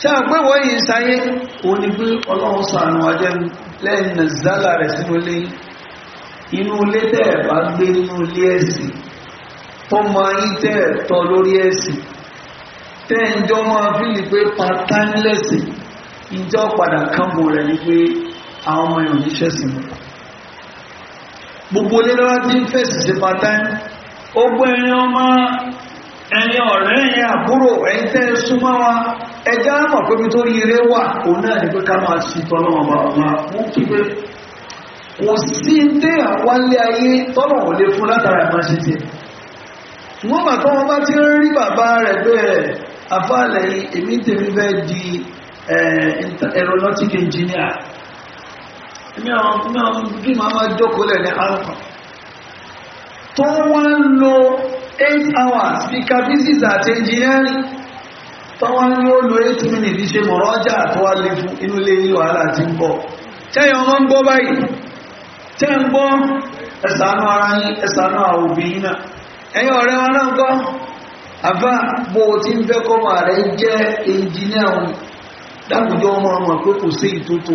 ṣe àpé wọ́n yìí sáyé òun ni pé ọlọ́run sàánú ajẹ́ lẹ́yìn nàìjíríà rẹ̀ sínú ilé inú ilé tẹ́ ẹ̀ bá gbé inú ilé ẹ̀sìn tó máa yí tẹ́ ẹ̀ tọ́ lórí ẹ̀sìn tẹ́ máa fi lè pé pátánlẹ̀sìn ìjọ padà kánbò rẹ̀ ni pé àwọn ọmọ ìròyìn iṣẹ́ sí mi gbogbo ilé lọ́wọ́ ń fèsì sí pátán ó gbé ẹ̀yin ọmọ ẹ̀yin ọ̀rẹ́ ẹ̀yin àbúrò ẹ̀yin tẹ́ ẹ súnmọ́ wa ẹjá mọ̀ pé bí tó rí eré wà òun náà ni pé ká máa ṣe tọ́nà ọmọ ọmọ mú kí pé kò sí dé àwálé ayé tọ́nà ò lè fún látara ẹ̀ ṣe wọ́n mà wọn bá ti ń rí bàbá rẹ̀ bẹ́ẹ̀ afáàlẹ̀ yìí èmi tèmi bẹ́ẹ̀ di aeronautic engineer èmi àwọn bí màá máa tọ́wọ́n ní ó lo 8 minutes ṣe mọ̀rọ̀ ọjà tó lè fún inú lè ní wàhálà tí ń bọ̀ tẹ́yìn ọmọ ń gbọ́ báyìí tẹ́ ń gbọ́ ẹ̀sànú ara ẹ̀sànú àwòbí náà ọ̀rẹ́ wọn náà gbọ́ àbá bó o ti ń fẹ́ rẹ̀ jẹ́ wọn ọmọ ọmọ pé kò sí ìtótó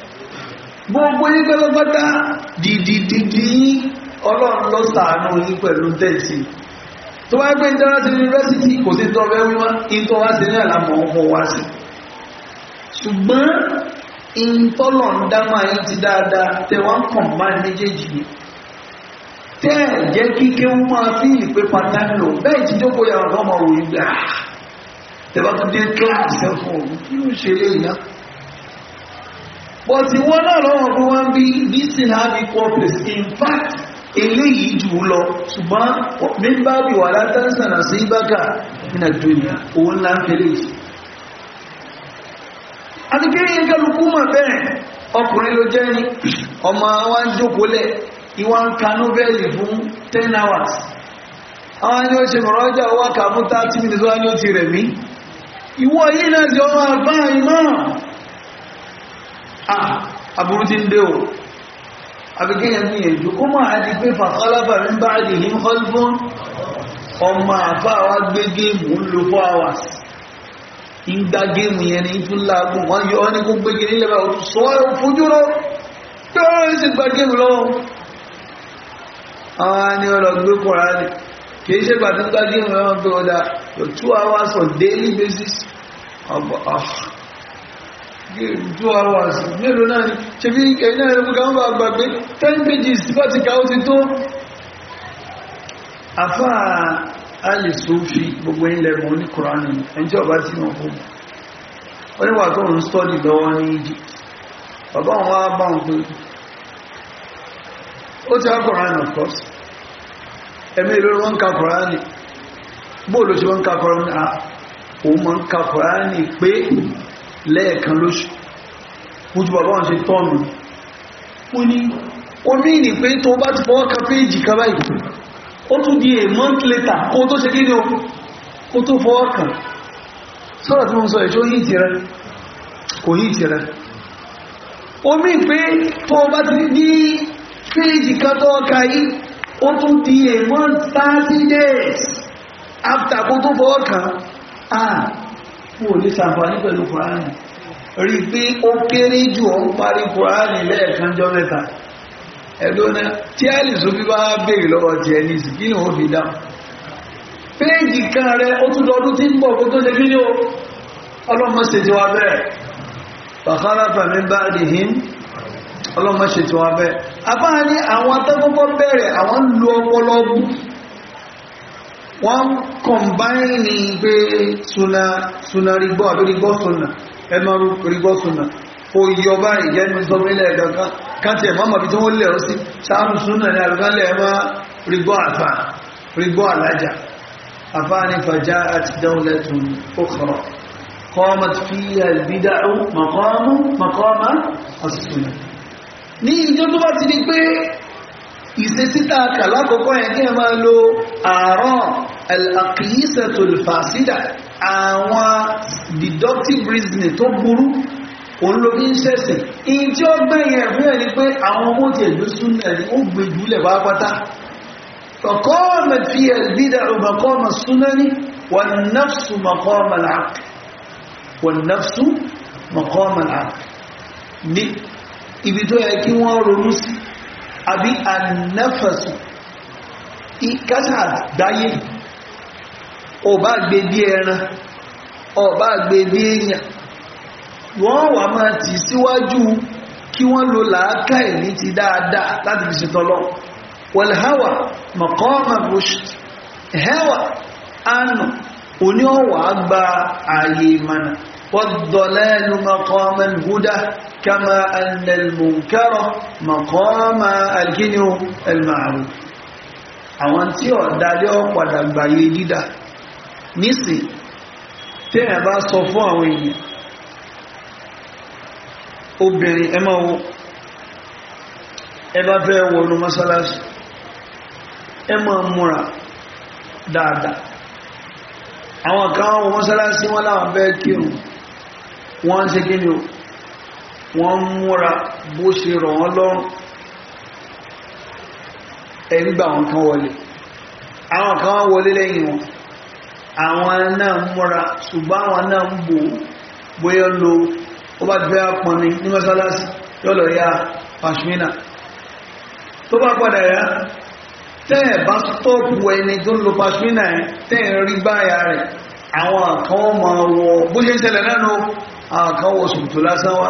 gbogbo yín pátápátá dìdìdìdì yín ọlọ́run ló sàánú yín pẹ̀lú tẹ̀sí tó wáyé pé ìjọba ti yunifásitì kò sí tọ́ bẹ́ẹ̀ ìtọ́ wá sí ní àlámọ̀ ọmọ wá sí ṣùgbọ́n ìtọ́lọ̀ ń dámọ̀ ayé ti dáadáa tẹ wá ń kàn máa méjèèjì ni tẹ́ ẹ̀ jẹ́ kí kí wọ́n máa fi ìpè pàtàkì lò bẹ́ẹ̀ ti jókòó yàrá ọ̀gá ọmọ òwe gbà tẹ bá tún dé kíláàsì ẹ̀fọ́ òun kí ló ṣe lé ìyá but ìwọ one lọ́wọ́ bí wọ́n bí this thing have equal in fact eléyìí jù lọ to nígbà bí wà látàrísànà sí ìbákà nínú àdúnyà òun là ń tẹ̀lé yìí àti kí ẹ̀yẹ kálukú mọ̀ bẹ́ẹ̀ fún ten hours àwọn ni ṣe mọ̀rọ̀ ọjà wákà fún ti rẹ̀ mí ìwọ yìí náà jọ aburú ti ń dé o abigẹ́yàn ní èjò kó máa di pé fàkọ́lábà ń bá di him holborn ọmọ àbá wa gbé géèmù ń lo four hours ń gbá géèmù yẹn ní tún láàgùn wọ́n yọ ọ́ ní kó gbé géèmù lẹ́bàá òtún sọ ọ́ fojú rọ pé ó sì gba géèmù lọ́wọ́ àwọn ni ọ̀rọ̀ gbé kọ̀ọ̀rọ̀ ni kì í ṣe gbàdúgbà géèmù lọ́wọ́ pé ó dá two hours on daily basis. Oh, oh two hours mélòó náà ni ṣe bí ẹ̀yìn náà ẹ̀rọ kọ́kọ́ bá gbà pé ten pages bá ti kà ó ti tó afá alì sófì gbogbo ilẹ̀ mọ́ ní kùránì ẹjọ́ ọba tí wọ́n fún ó níwà tó ń stọ́dì lọ́wọ́ ní Egypt bàbá wọn wá bá wọn pé ó ti wá kùránì of course ẹ̀mí ìlú wọn ka kùránì bóòlù tí wọ́n ka kùránì à òun máa ń lẹ́ẹ̀kan lóṣù mújú bàbá wọn ṣe tọ́nù mú ní omi ìní pé tó bá ti fọwọ́ kan péjì kan báyìí ó tún di a month later kó tó ṣe kí ni o kó tó fọwọ́ kan sọ́rọ̀ tí mo sọ ẹ̀ṣọ́ yìí ti rẹ kò yìí ti rẹ omi pé tó bá ti ní péjì kan tó ọka yìí ó tún di a month 30 days after kó tó fọwọ́ kan ah kò lè sàǹfààní pẹ̀lú kùránì rí pé ó kéré jù ó ń parí kùránì lẹ́ẹ̀kan mẹ́ta ẹ̀dọ́nà tí àìlèsó bí bá béèrè lọ́wọ́ ti ẹni sì kí ni ó fi dáhùn péèjì kan rẹ ó tún lọ́dún tí ń bọ̀ kó tó ṣe kí ni ó ọlọ́mọ ṣe ti wá bẹ́ẹ̀ bàkárà fàmí bá dìhín ọlọ́mọ ṣe ti wá bẹ́ẹ̀ abáà ní àwọn atẹ́kọ́kọ́ bẹ̀rẹ̀ àwọn ń lo ọpọlọ wọ́n kọ̀mbáìnì pé suna suna rigbọ́ àbí rigbọ́ suna ẹmọ rigbọ́ suna kò yọ báyìí jẹ́nu sọmílẹ̀ ẹ̀dọ̀kan káàtì ẹ̀mọ́ mọ̀bí tí wọ́n lẹ̀ ọ́ sí sáàrùn suna ní àrùkálẹ̀ ẹmọ rigbọ́ àfà rigbọ́ alájà àfà ní fàjá àti dánlẹ̀tún ukhra qamat fiha al ìsesíta kàlákọ̀ọ́kọ́ yẹn kí ẹ máa lo àárọ̀ al-aqisatul fasida àwọn deductive reasoning tó burú òun ló fi ń ṣẹ̀sìn in tí ó gbẹ̀yìn ẹ̀fún ẹ̀ ni pé àwọn ọmọ òjì ẹ̀lú súnà ni ó gbé jùlẹ̀ wá pátá tọ̀kọ́ọ̀mẹ̀ fi ẹ̀lbídà ọmọkọ́ọ̀mẹ̀ súnà ní wọ́n nafsu mọ̀kọ́ọ̀mẹ̀ l'aql wọ́n nafsu mọ̀kọ́ọ̀mẹ̀ l'aql ní ibi tó yẹ kí wọ́n ronú sí àbí anáfàsù kásà gbáyé ọba gbé bí ẹran ọba gbé bí èèyàn wọ́n wà máa tì síwájú kí wọ́n lo làákà ẹ̀mí ti dáadáa láti fi ṣetán lọ wàlháwà mọ̀kọ́ọ̀mà rushd hẹ́wà ánù oní gba ààyè ìmànà والضلال مقام الهدى كما أن المنكر مقام الجن المعروف àwọn tí ọ̀dá lé ọ̀padà gbàyè dídà nísìn téèyàn bá sọ fún àwọn èèyàn obìnrin ẹ máa wo ẹ bá fẹ́ wọnú mọ́sálásí ẹ máa múra dáadáa àwọn kan wọ mọ́sálásí wọn láwọn fẹ́ kírun wọ́n ń ṣe kí ni o wọ́n múra bó ṣe rọ̀ wọ́n lọ́rùn ẹ̀rí kan wọlé wọ́n àwọn náà ṣùgbọ́n àwọn náà ń bò lo ó bá ní mọ́sálásí yọ́lọ̀ ya pàṣmínà tó bá padà yá tẹ́ẹ̀ bá stọ́ọ̀pù ẹni tó ń lo pàṣmínà ẹ̀ tẹ́ẹ̀ rí rẹ̀ àwọn máa wọ bó ṣe ń ṣẹlẹ̀ àwọn kan wo sùkùtù lásán wá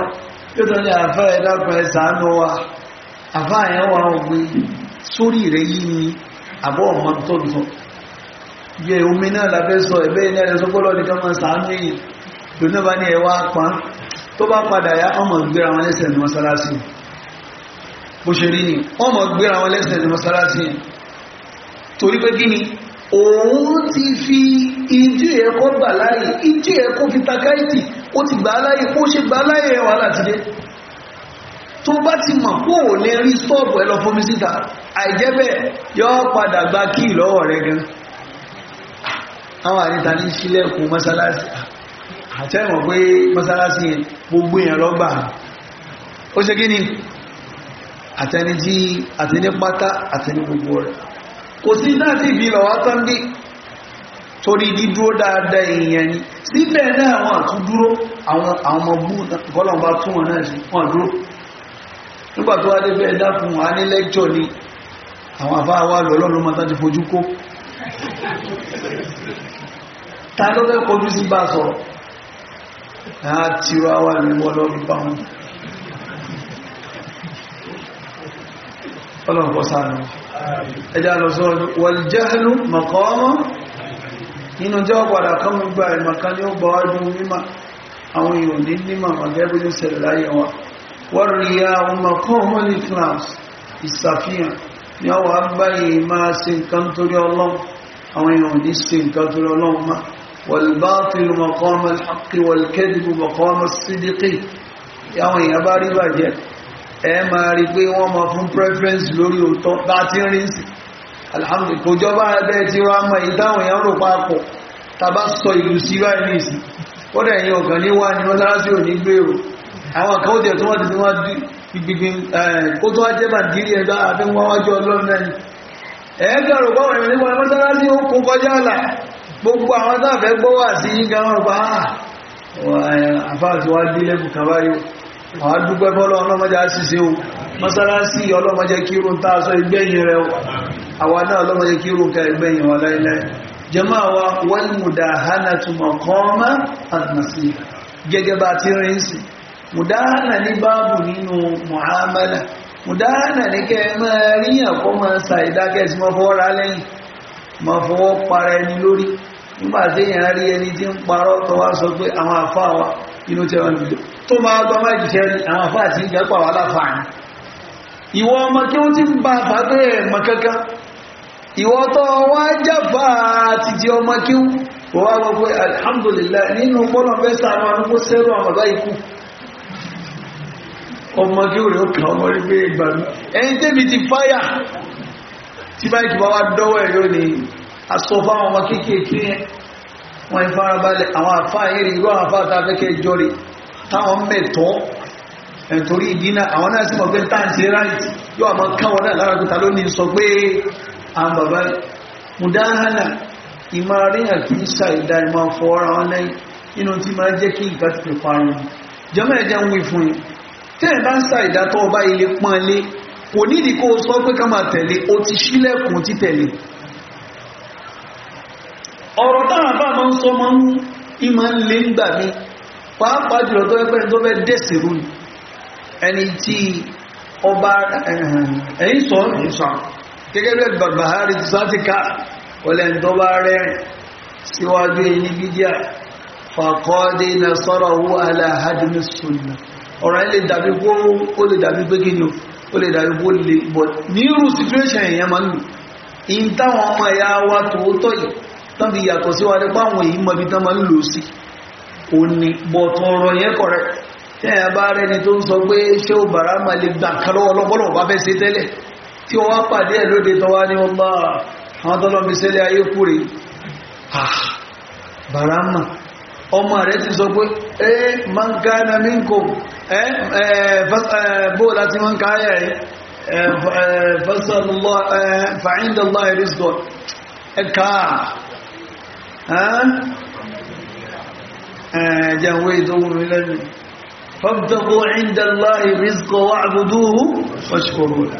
yóò tó ní àfẹ́ ẹ̀dàpẹ́ sàánú wa àfẹ́ àyẹ̀ wa ọ̀gbìn sórí rẹ̀ yí ni àbọ̀ ọmọ tó ń sọ yẹ omi náà lábẹ́ sọ ẹ̀bẹ́ iná ẹ̀rẹ́ sọ́gbọ́lọ́ nìkan máa sàánú yìí lónà bá ní ẹwà pa tó bá padà yá ọmọ gbéra wọn lẹ́sẹ̀ ní mọ́sálásí bó ṣe rí ni ọmọ gbéra wọn lẹ́sẹ̀ ní mọ́sálásí torí pé kí ni òun ti fi ìdí ẹ̀kọ́ gbà láàyè ìdí ẹ̀kọ́ fi takáìtì ó ti gbà láyé kó ṣe gbà láyé wà láti dé tó bá ti mọ̀ kó ò lè rí stọ́ọ̀bù ẹ lọ fomi síta àìjẹ́ bẹ́ẹ̀ yọ padà gba kíì lọ́wọ́ rẹ gan àwọn àríta ní sílẹ̀kùn mọ́sálásí àtẹ́mọ̀ pé mọ́sálásí gbogbo èèyàn lọ́gbà ó ṣe kí ni àtẹni tí àtẹni pátá àtẹni gbogbo rẹ̀ kò sí náà sí ìbí lọ́wọ́ tán bí torí dídúró dáadáa èèyàn ni síbẹ̀ náà wọ́n àtúndúró àwọn ọmọ bú bọ́lọ̀mbá tún wọn náà sí wọ́n dúró nígbà tó wá débẹ̀ ẹ̀dá fún wa ní lẹ́kṣọ̀ ni àwọn àfáà wa lọ lọ́nà máa tàbí fojú kó ta ló fẹ́ nínú tí ó padà kán mú gba ìmọ̀kan ní ó bá wájú mímọ̀ àwọn èèyàn ní mímọ̀ mọ̀gẹ́bí ní ṣẹlẹ̀ láyé wọn wọ́n rí ya àwọn ọmọkọ́ holy class ìsàfihàn ní ọwọ́ agbáyé máa ṣe nǹkan torí ọlọ́run àwọn èèyàn ní ṣe nǹkan torí ọlọ́run má والباطل مقام الحق والكذب مقام الصدق àwọn èèyàn bá rí bàjẹ́ ẹ máa rí pé wọ́n máa fún preference lórí òótọ́ bá ti rí sí alhamdulilayi kò jọba ẹgbẹ́ tí wọ́n á mọ ìdáhùn yẹn rò papọ̀ tàbá sọ ìlú sí báyìí nìsí ó dẹ̀ yín ọ̀gàn ní wá ní mọ́sálásí ò ní gbé o àwọn kan ó jẹ́ tí wọ́n ti fi wọ́n di gbìngbìn kó tó wá jẹ́ bàndírí ẹgbẹ́ àfi wọ́n wájú ọlọ́run náà ni ẹ̀ẹ́gbẹ́ rò pọ̀ wọ̀nyí nípa mọ́sálásí ó kó kọjá là gbogbo àwọn tó àfẹ́ gbọ́ wà sí yín gan ọ̀rọ̀ pa ah, àfáàsì wá dé lẹ́kùn kan báyìí àwọn adúgbẹ́ fọ́lọ́ ọlọ́mọdé á ṣiṣẹ́ o mọ́sálásí ọlọ́mọdé kírun tá a sọ ìgbẹ́yìn rẹ o àwa náà lọ́mọdé kí irú nǹkan ẹgbẹ́yìn wọn láíláí jẹmọ́ àwa wọ́n mùdáhánà túnmọ̀ kọ́ọ́má àtìmọ̀sí gẹ́gẹ́ bá ti rìn sí mùdáhánà ní báàbù nínú mu'amala mùdáhánà ní kẹ́ máa ríyàn kó máa sa ìdákẹ́sí mọ́ fọwọ́ ra lẹ́yìn mọ́ fọwọ́ para ẹni lórí nígbà tí èèyàn rí ẹni tí ń parọ́ tó wá ìwọ ọmọ kí wọ́n ti ń bá àfá bẹ́ẹ̀ kankan ìwọ́tọ́ wá jábà ti jẹ ọmọ kí wọ́n wá gbogbo alhamdulillah nínú pọ́lọ̀ fẹ́sà àwọn anúkó sẹ́rọ àmàbá ikú ọmọ kí rẹ̀ ọkà ọmọ rí pé ìgbàmí ẹni tẹ́bi ti fáyà tí bá ìkìbá wá dọ́wọ́ ẹ̀ lónìí aṣọ ọmọ wọ́n ìfarabalẹ̀ àwọn àwọn bàbá mùdáhánà ìmọ̀ àríyàn kì í ṣàìdá ìmọ̀ fọ́ra wọn lẹ́yìn inú tí ti parun jọmọ́ ẹ̀jẹ̀ ń wí fún yín tẹ́ ẹ̀ bá ń ọba ilé pọ́n kò nídìí o sọ pé kama máa o ti ṣílẹ̀kùn títẹ̀lé ọ̀rọ̀ mi gẹ́gẹ́ bí Barbahari sátíkà olè tó bá rẹ̀ síwájú èyí bídíà fàkọ́dé na sọ́rọ̀ owó aláhàdínú sunna ọ̀rọ̀ ilẹ̀ dàbí kó ó lè dàbí pé o lè dàbí kó lè bọ̀ nírú situation èèyàn ma ń lò in táwọn ọmọ ẹ̀yà wa tòótọ́ yìí tán yàtọ̀ síwájú èyí tán ń lò sí yẹn bá rẹni tó ń sọ pé ṣé bàrá máa lè gbà kálọ́wọ́ tí wọ́n wá pàdé ẹ̀ lóde tọ́wá ní ọlá àwọn tọ́lọ́ mi sẹ́lẹ̀ ayé kúrè ah, barama ọmọ rẹ̀ ti sọ pé ẹ máa ń ká ẹ̀nà mí kò ẹ عند الله رزق ń ká ayà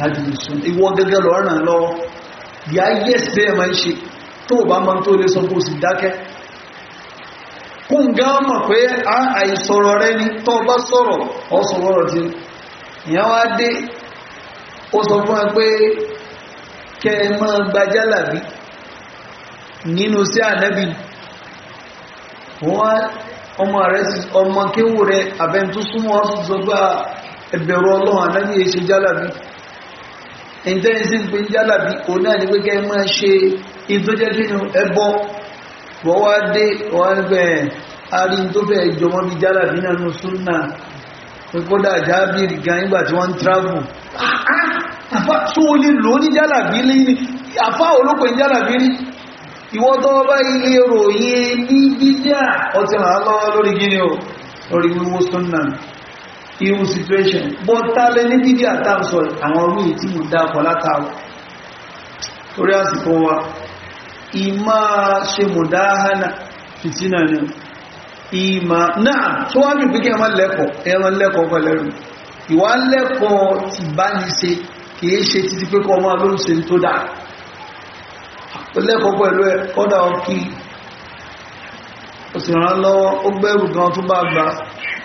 lájúlùsùn ìwọ gẹ́gẹ́ lọ ràn lọ́wọ́ yà yẹ́sì bẹ́ẹ̀ máa ń tó bá máa tó lé sọ́kó sì dákẹ́ kó ń gá mọ̀ pé àìsọ̀rọ̀ rẹ ni tó bá sọ̀rọ̀ ọ̀sọ̀rọ̀ ti ìyàn wá dé ó sọ fún ẹ pé kẹ ẹ máa gbajálà bí nínú sí ọmọ ọmọ ǹjẹ́ ẹ̀sìn pé ń jálàbí òun náà ni wíkẹ́ máa ṣe in tó jẹ́ kínú ẹbọ wọ́n wá dé wọ́n gbẹ̀ arí tó fẹ́ jọmọ́ bí jálàbí náà nù súnà kódà jábìrì gan nígbà tí wọ́n ń travel àfá tó o lè lò ní jálàbí ní àfá olóko ní jálàbí ní ìwọ́n tó bá ilé ròyìn ní jíjà ọtí ràn án lọ́wọ́ lórí gíní o lórí wíwó irú situation bọ́ tálẹ́ ní bíbí àtàmsọ̀ àwọn orí tí mo dákọ̀ látàwọ̀ torí àsìkò wa ìmá ṣe mùdáhánà fìtínà ni ìmá náà tó wá bí pínkẹ́ ẹmọ lẹ́kọ̀ọ́ ẹmọ lẹ́kọ̀ọ́ pẹ̀lẹ́rù ìwà lẹ́kọ̀ọ́ ti bá ní ṣe kìí ṣe títí pé kọ́ máa ló ń ṣe tó dáa lẹ́kọ̀ọ́ pẹ̀lú ẹ kọ́dà ọkì òsìrànlọ́wọ́ ó gbẹ́rù gan tó bá gbà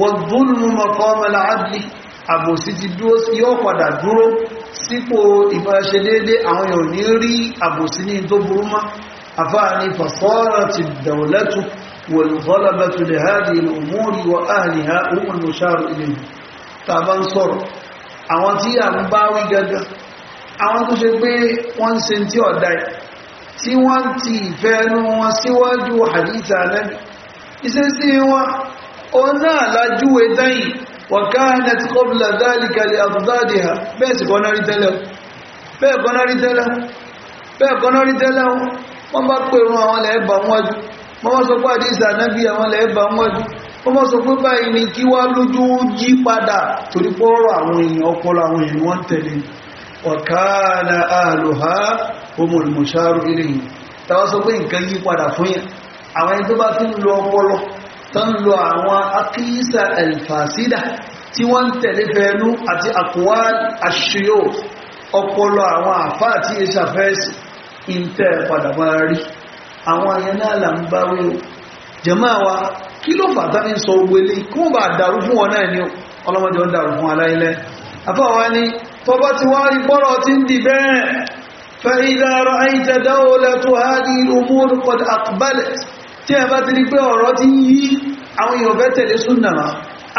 wọ́dúnmù mọ̀kọ́mọ̀lá àdì àbòsí ti dúró sí yóò padà dúró sípò ìfaraṣe déédé àwọn èèyàn ní rí àbòsí ní tó burú mọ́ afáàní fàṣọ́rọ̀ ti dàwọ̀lẹ́tù wọ̀lùfọ́lọ́bẹ̀tù lè hádi ìlúmúrí wọ áàlìhá òun lòṣàrò ilé tàbá ń sọ̀rọ̀ àwọn tí wọn òun náà lájúwe tẹ́yìn wọ̀káhánà ti kọ́bùlà dáàlìkàlì àbúdádìá bẹ́ẹ̀ sì kọ́nà rí tẹ́lẹ̀ bẹ́ẹ̀ kọ́nà rí tẹ́lẹ̀ bẹ́ẹ̀ kọ́nà rí tẹ́lẹ̀ wọ́n bá pè wọn àwọn lẹ́ẹ̀bà wọn jù wọ́n wọ́n sọ pé àdìsá nábì àwọn lẹ́ẹ̀bà wọn jù wọ́n wọ́n sọ pé báyìí ni kí wá lójú yí padà torí pọ́rọ̀ àwọn èèyàn ọpọlọ àwọn èèyàn wọ́n tẹ̀lé wọ̀káhánà àlùhá ọmọlùmọ̀ṣáàrù ilé yìí tàwọn sọ pé nǹkan yí padà fún yẹn àwọn ẹni tó bá fi ń lo ọpọlọ tó ń lo àwọn akíyísà alfasida tí wọ́n ń tẹ̀lé fẹ́ẹ́nú àti àkùwá àṣeyọ ọpọlọ àwọn àfá àti ìṣàfẹ́ẹ̀sì ìntẹ́ padà máa rí àwọn àyẹn náà là ń bá wí o jẹ̀mọ́ àwa kí ló fà tá ní sọ ogun ilé kí wọ́n bá dàrú fún wọn náà ni tí ẹ bá ti rí pé ọ̀rọ̀ ti ń yí àwọn èèyàn fẹ́ tẹ̀lé súnà wa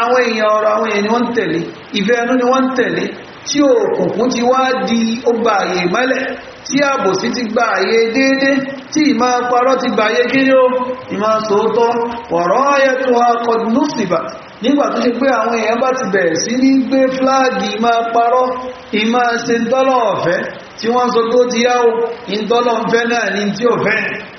àwọn èèyàn ọ̀rọ̀ àwọn èèyàn ni wọ́n ń tẹ̀lé ìfẹ́ ẹnu ni wọ́n ń tẹ̀lé tí òkùnkùn ti wá di ó gba àyè ìmọ́lẹ̀ tí àbòsí ti gba àyè déédé tí ìmá parọ́ ti gba àyè kí ó ìmá sòótọ́ ọ̀rọ̀ ayẹtò akọdùnúsìbà nígbà tó ṣe pé àwọn èèyàn bá ti bẹ̀rẹ̀ sí ní gbé fúláàgì ìmá parọ́ ìmá ṣe ń tọ́lọ̀ ọ̀fẹ́ tí wọ́n sọ tó ti yá o ń tọ́lọ̀ ń náà ní tí ò fẹ́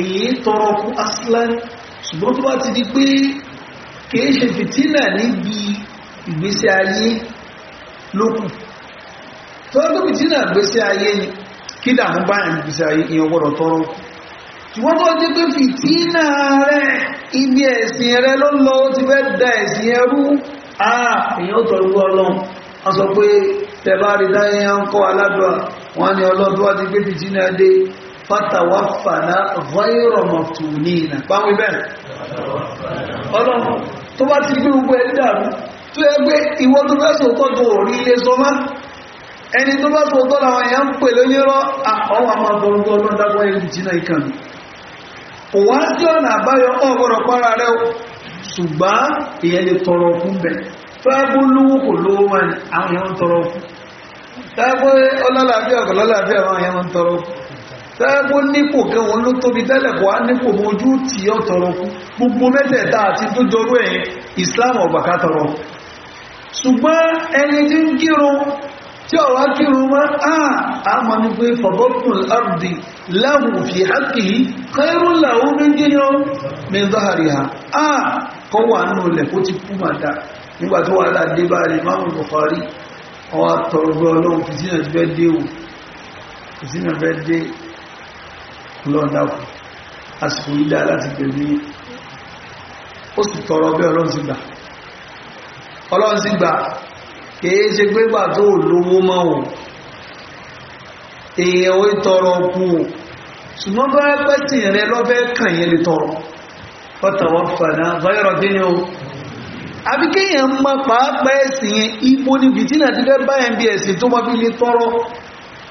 èyí tọrọ fún aslan ṣùgbọ́n tó bá ti di pé kìí ṣe fìtínà níbi ìgbésí ayé lókùn tó tó fìtínà ìgbésí ayé ni kí dàmú báyìí ìgbésí ayé ìyẹn gbọ́dọ̀ tọrọ ṣùgbọ́n tó ti pé fìtínà rẹ ibi ẹ̀sìn rẹ ló ti fẹ́ da ẹ̀sìn ẹrú àà èyàn tọrọ ọlọ́run wọ́n fatawaffana ghayra maftunina na ibẹ̀ ọlọ́run tó bá ti gbé gbogbo ẹ̀ dàrú tó yẹ pé ìwọ tó fẹ́ sòótọ́ tó rí ilé sọmá ẹni tó bá làwọn èèyàn ń pè lóyún rọ àwọn jìnnà ìkànnì àbáyọ rẹ o ìyẹn lè tọrọ lówó kò lówó wọn àwọn tọrọ tẹ́gbó nípò kẹwọn ló tóbi tẹ́lẹ̀kọ́ á nípò tí ọ tọrọ gbogbo mẹ́tẹ̀ẹ̀ta àti tó jọrọ ẹ̀ islam ọ̀gbàká tọrọ ṣùgbọ́n ẹni tí ń kírun tí ọ̀wá kírun mọ́ àmọ́ ní pé fọ̀bọ́kùn ardi láhùn ha ọwọ́ ọlọ́run fẹ́ dé lọ́dáwà àsìkò ìdá láti pẹ̀lú ó sì tọrọ bẹ́ ọlọ́run sì gbà ọlọ́run sì gbà kìí ṣe pé gbà o èèyàn ó tọrọ kú o ṣùgbọ́n bá pẹ́ tì rẹ lọ́fẹ́ kàn yẹn lè tọrọ ọ̀tàwọ̀ fàdá o àbí kéèyàn pàápàá ẹ̀sìn yẹn ibo níbi tí nàìjíríà bá ẹ̀ ń bí ẹ̀sìn tó bí lè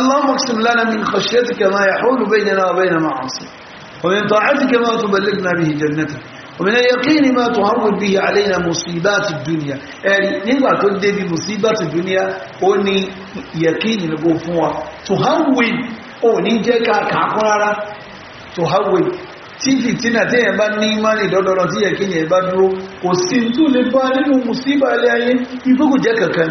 اللهم اقسم لنا من خشيتك ما يحول بيننا وبين معاصيك ومن طاعتك ما تبلغنا به جنتك ومن اليقين ما تهون به علينا مصيبات الدنيا يعني نيغا تو دي مصيبات الدنيا وني يقين نغو تهون اوني جẹ́ ká تهون تيجي تينا tí ẹ̀ bá ní ìmánì dọ́dọ̀rọ̀ tí yẹ kí yẹ bá dúró kò sí tó lè bá nínú mùsíbà ilé ayé ìfúkù jẹ́ kankan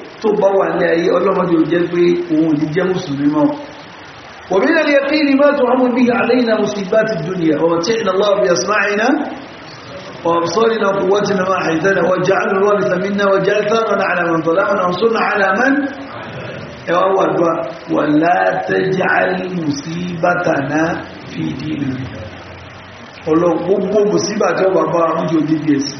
tó bá wà ní ayé ọlọ́mọdé ò jẹ́ pé òun ò ní jẹ́ mùsùlùmí mọ́ ومن اليقين ما تعمل به علينا مصيبات الدنيا ومتعنا الله بأسماعنا وأبصارنا وقواتنا ما حيثنا واجعلنا الوارث منا واجعل ثارنا على من ظلمنا وانصرنا على من أول ولا تجعل مصيبتنا في ديننا ọlọ́gbogbo mùsíbà tí ó bàbá àmújò dídí ẹ̀sìn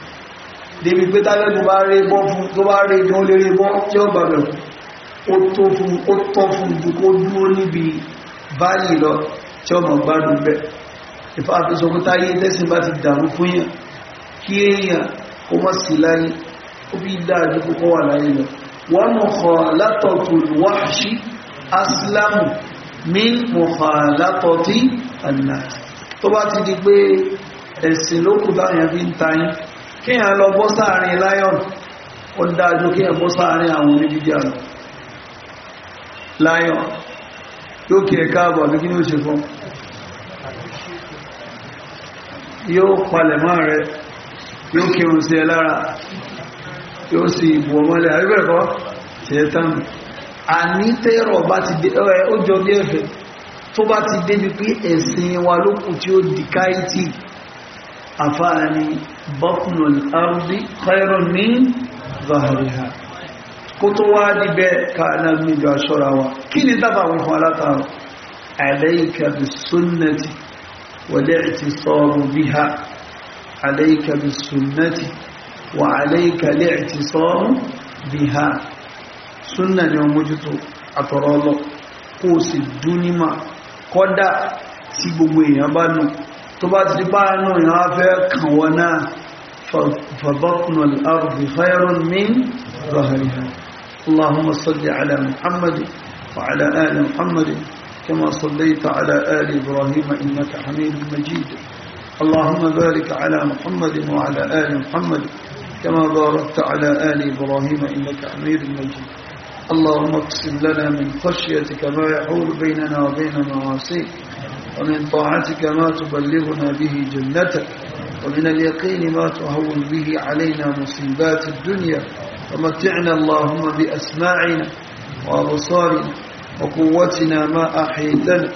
débi pé tálẹ́gùn bá rí bọ́ fún tó bá rí ní ó lè rí bọ́ tí ó gbàgbẹ̀ ó tó fún ó tọ́ fún ju kó dúró níbi báyìí lọ tí ọmọ gbádùn bẹ́ ìfàfisọ pé táyé lẹ́sìn bá ti dàrú fún yàn kí èèyàn kó mọ́ sí láyé ó fi dáa ju wà láyé lọ wọ́n mọ̀ kọ́ látọ̀tù wáṣí asilamu min mọ̀kànlátọ̀tì àná tó bá ti di pé ẹ̀sìn lókùtà yẹn fi ń ta yín kí a lọ bọ́ sáàrin lion ó dájú kí a bọ́ sáàrin àwọn oníbídíà lọ lion yóò kí ẹ káàbọ̀ àbí kí ní ó ṣe fún yóò palẹ̀ máa rẹ yóò kí oun sí ẹ lára yóò sì bù ọmọlẹ̀ àríbẹ̀kọ́ ṣe tánù àní tẹ́rọ bá ti dé ó jọ bí ẹ̀fẹ̀ tó bá ti débi pé ẹ̀sìn wa lókù tí ó dìkáìtì أفاني بطن الأرض خير من ظهرها كتوادي بيت كأنا من جوا شراوا دفع دبا عليك بالسنة والاعتصام بها عليك بالسنة وعليك الاعتصام بها سنة يوم وجدت أترى الله قوس الدنيا قد سيبوين يبانو تو بعد دبانو يا فك ونا فبطن الارض خير من ظهرها اللهم صل على محمد وعلى ال محمد كما صليت على ال ابراهيم انك حميد مجيد اللهم بارك على محمد وعلى ال محمد كما باركت على ال ابراهيم انك حميد مجيد اللهم اقسم لنا من خشيتك ما يحول بيننا وبين معاصيك ومن طاعتك ما تبلغنا به جنتك ومن اليقين ما تهون به علينا مصيبات الدنيا ومتعنا اللهم بأسماعنا وأبصارنا وقوتنا ما أحيتنا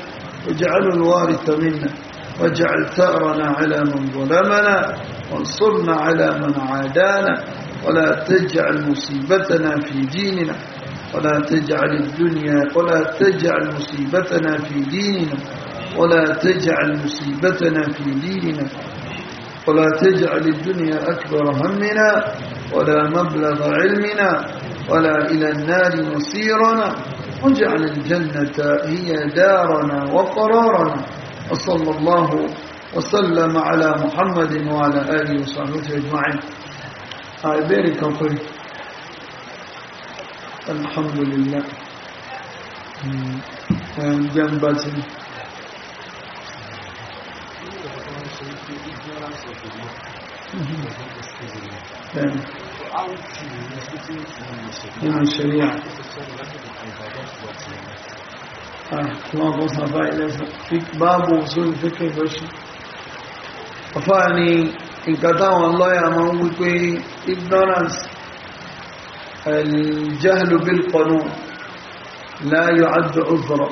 واجعل الوارث منا واجعل ثأرنا على من ظلمنا وانصرنا على من عادانا ولا تجعل مصيبتنا في ديننا ولا تجعل الدنيا ولا تجعل مصيبتنا في ديننا ولا تجعل مصيبتنا في ديننا ولا تجعل الدنيا أكبر همنا ولا مبلغ علمنا ولا إلى النار مصيرنا واجعل الجنة هي دارنا وقرارنا وصلى الله وسلم على محمد وعلى آله وصحبه أجمعين هاي بيرك الحمد لله جنبتي nínú ìṣẹ̀rí à àwọn ọgbọ́n sábà ilẹ̀sàn báàbù òṣèlú fíkẹ̀ lọ́ṣù ọ̀fà ni nǹkan táwọn lọ́yà máa ń wípé ignorance الجهل بالقانون لا يعد عذرا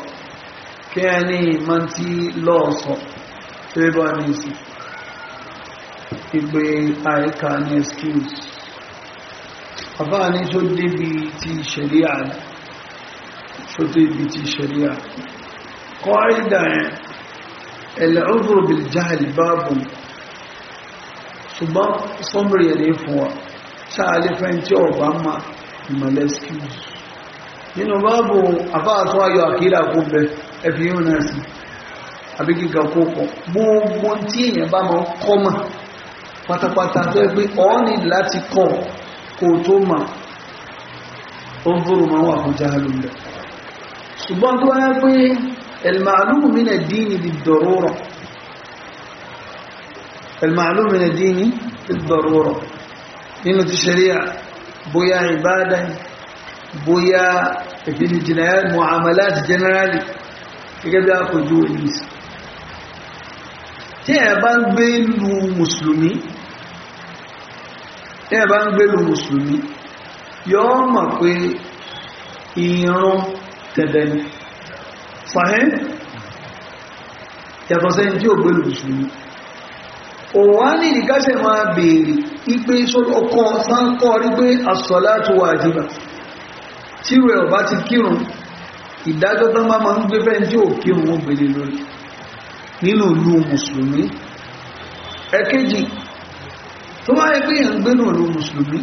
كاني منتي لاصا تبانيسي ìgbé àìkà ní excuse ni ní tó bi ti ṣẹ̀ríà tó bi ti shari'a kọ́ àìdà ẹ̀ ẹ̀lẹ́ọ̀dọ̀ bìljáàlì báàbùn ṣùgbọ́n sọ́mọ̀rì ẹ̀ ní fún wa sáàlẹ́ fẹ́ ma ìmọ̀lẹ́ excuse nínú báàbù àbá àtọ́ ayọ̀ àkílà kó bẹ ẹ̀fì yóò náà sí àbíkíkà kó pátápátá tó yẹ pé ọ́ ní láti kọ̀ kó o tó mọ̀ ó ń fòrò máa wà fún jáàlù rẹ̀ ṣùgbọ́n tó yẹ pé ẹ̀lmàlúmù mi nà dín ní bìdọ̀rọ̀rọ̀ ẹ̀lmàlúmù mi nà dín nínú ti ṣẹ̀ríà bóyá ìbáadá bóyá ìbínú jìnnà muamalat generally gẹ́gẹ́ bí a kò ju ìlú tí ẹ bá ń gbé lu mùsùlùmí tí ẹ bá ń gbé lu mùsùlùmí yọ́ mọ̀ pé ìran tẹ̀dẹ̀ ni fàáhẹ́ yàtọ̀ sẹ́yìn tí ò gbé lu mùsùlùmí òwá ní ìdíkáṣẹ̀ máa bèèrè ipé ọkọ̀ sáńkọ́ rí pé as-salatu wajiba tí rẹ̀ ọ̀bá ti kírun ìdájọ́ tán bá máa ń gbé fẹ́ tí ò kírun ó gbélé lórí nínú ìlú mùsùlùmí ẹ̀kejì tó máa gbé yàn gbé nínú ìlú mùsùlùmí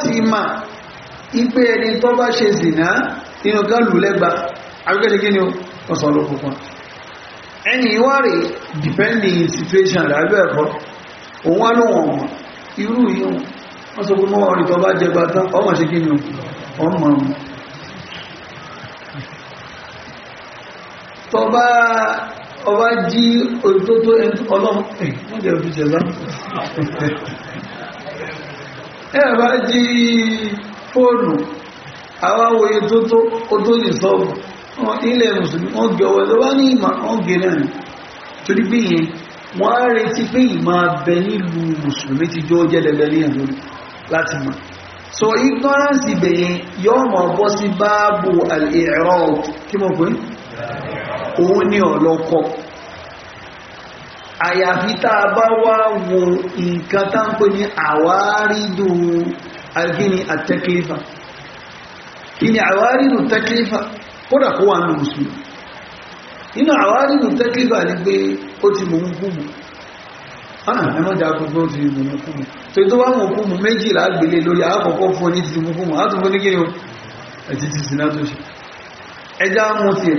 ti ma igbe ẹni tó bá ṣe zìnà nínú gálù lẹ́gba kí ni ó ọ̀sán ló kó fún ẹni ìwárí depending situation rẹ̀ ẹ̀kọ́ òun wá lóhùn ọmọ irú yìí wọ́n sọ pé mọ́ ọ̀rìn tó bá jẹ tọba ọba jí òtótó ẹ̀bá jí fóònù àwáwò ètótó òtó lè sọ́ọ̀bù ilẹ̀ mùsùlùmí wọ́n gẹ ọwọ́ ẹ̀lọ́wà ní ìmá wọ́n gẹ náà torí pé yẹn wọ́n á retí pé ìmá bẹ nílùú mùsùlùmí ti jọ jẹ́ lẹ́gbẹ̀ẹ́ ní ẹ̀dọ́ láti mọ̀ so ignorance ibẹ̀ yẹn yọ́ mọ̀ bọ́ sí báàbù al-i'rab òun ni ọlọ́kọ àyàfi tá a bá wá wo nǹkan tá ń pè ní àwárídù alkini àtẹ́kìlífà kí ni àwárídù tẹ́kìlífà kódà kó wà nínú mùsùlùmí nínú àwárídù tẹ́kìlífà ni pé ó ti mọ̀ ń kúmù ọ̀nà ah, ẹmọ́jà gbogbo ó ti mọ̀ ń kúmù tó tó wá mọ̀ kúmù méjìlá gbélé lórí àkọ́kọ́ fún ní ti mọ̀ kúmù á ní kí ni ó ẹ̀tí ti sinátó ṣe ẹjá mú tiẹ̀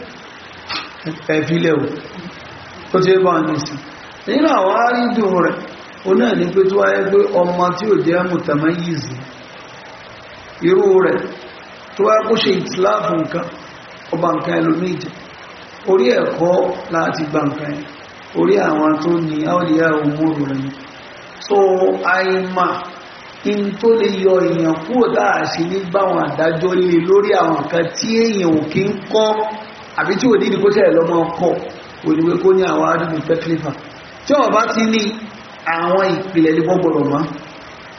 ẹ̀fílẹ̀ o tó tí ó bá ní sí nínú àwọn àrídùn rẹ̀ o náà ní pé tó wáyé pé ọmọ tí ò jẹ́ mùtàmá yìí irú rẹ̀ tó wáyé kó ṣe ìtìláàfù nǹkan ọba nǹkan ẹlòmíì jẹ orí ẹ̀kọ́ láti gba nǹkan ẹ̀ orí àwọn tó ní áwọ̀lẹ́yà òmùrù rẹ̀ so àìmà in tó lè yọ èèyàn kúrò dáa sí ní àdájọ́ lórí àwọn nǹkan tí èèyàn ò kí ń kọ́ àbí tí ò ní ìdíkó tẹ̀ lọ́mọ ọkọ̀ òdìwé kó ní àwọn adúgbò tẹ́kílífà tí ó bá ti ní àwọn ìpìlẹ̀ ní gbọ́gbọ̀rọ̀ mọ́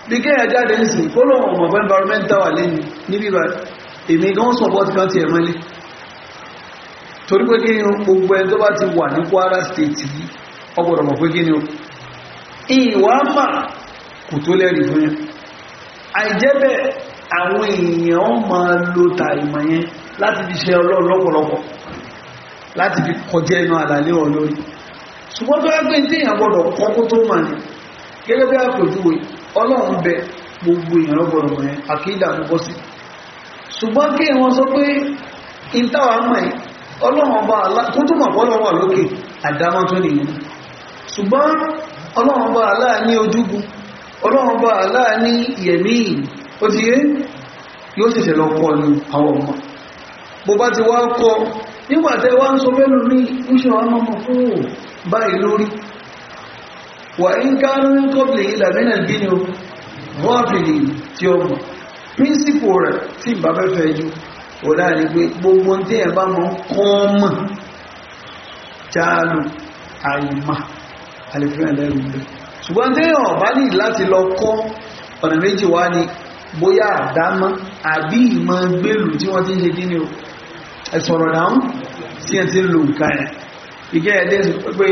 bí kéèyàn jáde ń sìn kó lóun ọmọ environmental wà lẹ́yìn níbi ìbá èmi gan support kan ti ẹ̀mọ́ lé torí pé kí gbogbo ẹni tó bá ti wà àwọn èèyàn máa lo tàìmọ̀ yẹn láti fi ṣe ọlọ́run lọ́pọ̀lọpọ̀ láti fi kọjá ẹnu àlàlé ọ̀ ṣùgbọ́n tó ẹgbẹ́ tí èèyàn gbọ́dọ̀ tó mà ní gẹ́gẹ́ bí ọlọ́run bẹ gbogbo èèyàn lọ́gbọ̀dọ̀ mọ̀ ẹ́ àkídà ló bọ́ sí ṣùgbọ́n kí wọ́n mọ̀ ẹ́ ọlọ́run ọba tó mọ̀ bọ́lọ́ wà lókè àdámọ́ tó nìyẹn ṣùgbọ́n ọlọ́run ọba nígbàtẹ́ wá ń sọ pẹ́lú ní ìṣọ́ ọmọ fún báyìí lórí wà ń ká ń kọ́bìlì ìlàmínà gíní o rọ́bìlì tí ó mọ̀ píńsípù rẹ̀ tí ìbá fẹ́fẹ́ ju ò láàrin pé gbogbo tí ẹ̀ bá mọ́ kọ́ọ̀mọ̀ jáàlù àìmà àlefihàn lẹ́rù rẹ̀ ṣùgbọ́n tí ẹ̀ ọ̀bá ní láti lọ kọ́ ọ̀nà méjì wá ni bóyá àdámọ́ àbí ìmọ̀ gbèlú tí wọ́n ti ẹ sọ̀rọ̀ náà sí ẹ ti ń lo nǹkan ẹ̀ ìjẹ́ ẹ̀dẹ́ pé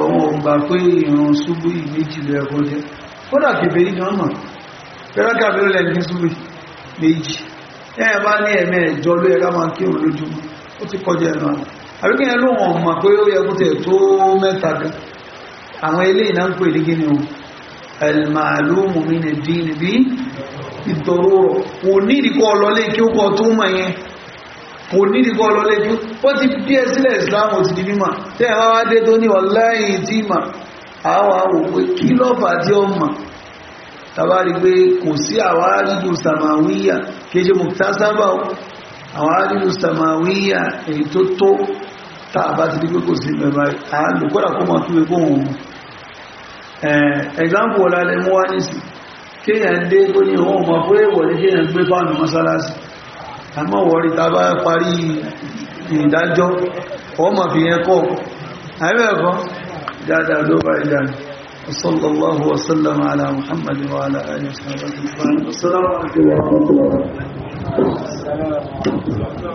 ọ̀wọ̀n ògbà pé ìrun ṣubú méjì lọ ẹ̀kọ́ jẹ́ kódà kèfè ní ọmọ pẹ́rẹ́kà mẹ́rin lẹ́nu ní ṣubú méjì ẹ̀yẹn bá ní ẹ̀mẹ́ ẹ̀jọ ló yẹ ká máa kí òun lójúmọ́ ó ti kọjá ẹ̀nà àbíkí yẹn ló hàn mà pé àwọn eléyìí náà ń pè ní gíní o ẹ̀lmàlúmù mi nì òní ìdíkọ̀ ọlọ́lé kí ó kọ́ tó mọ̀ yẹn kò ní ìdíkọ́ ọlọ́lẹ́jú ó ti bí ẹ sílẹ̀ islam ò ti di mímọ̀ tí ẹ máa dé tó ní ọláyìn tí mà àwọn òwe kí lọ́fà tí ó mà tàbárí pé kò sí àwọn arídù samawiya kéje muktasaba àwọn arídù samawiya èyí tó tó tàbá ti àmọ́ wọ́rí ta bá parí ìdájọ́ ọmọ fi yẹn kọ́ àìbẹ̀ẹ̀kọ́ dáadáa ló bá ìjà sallallahu wasallam ala muhammadu wa ala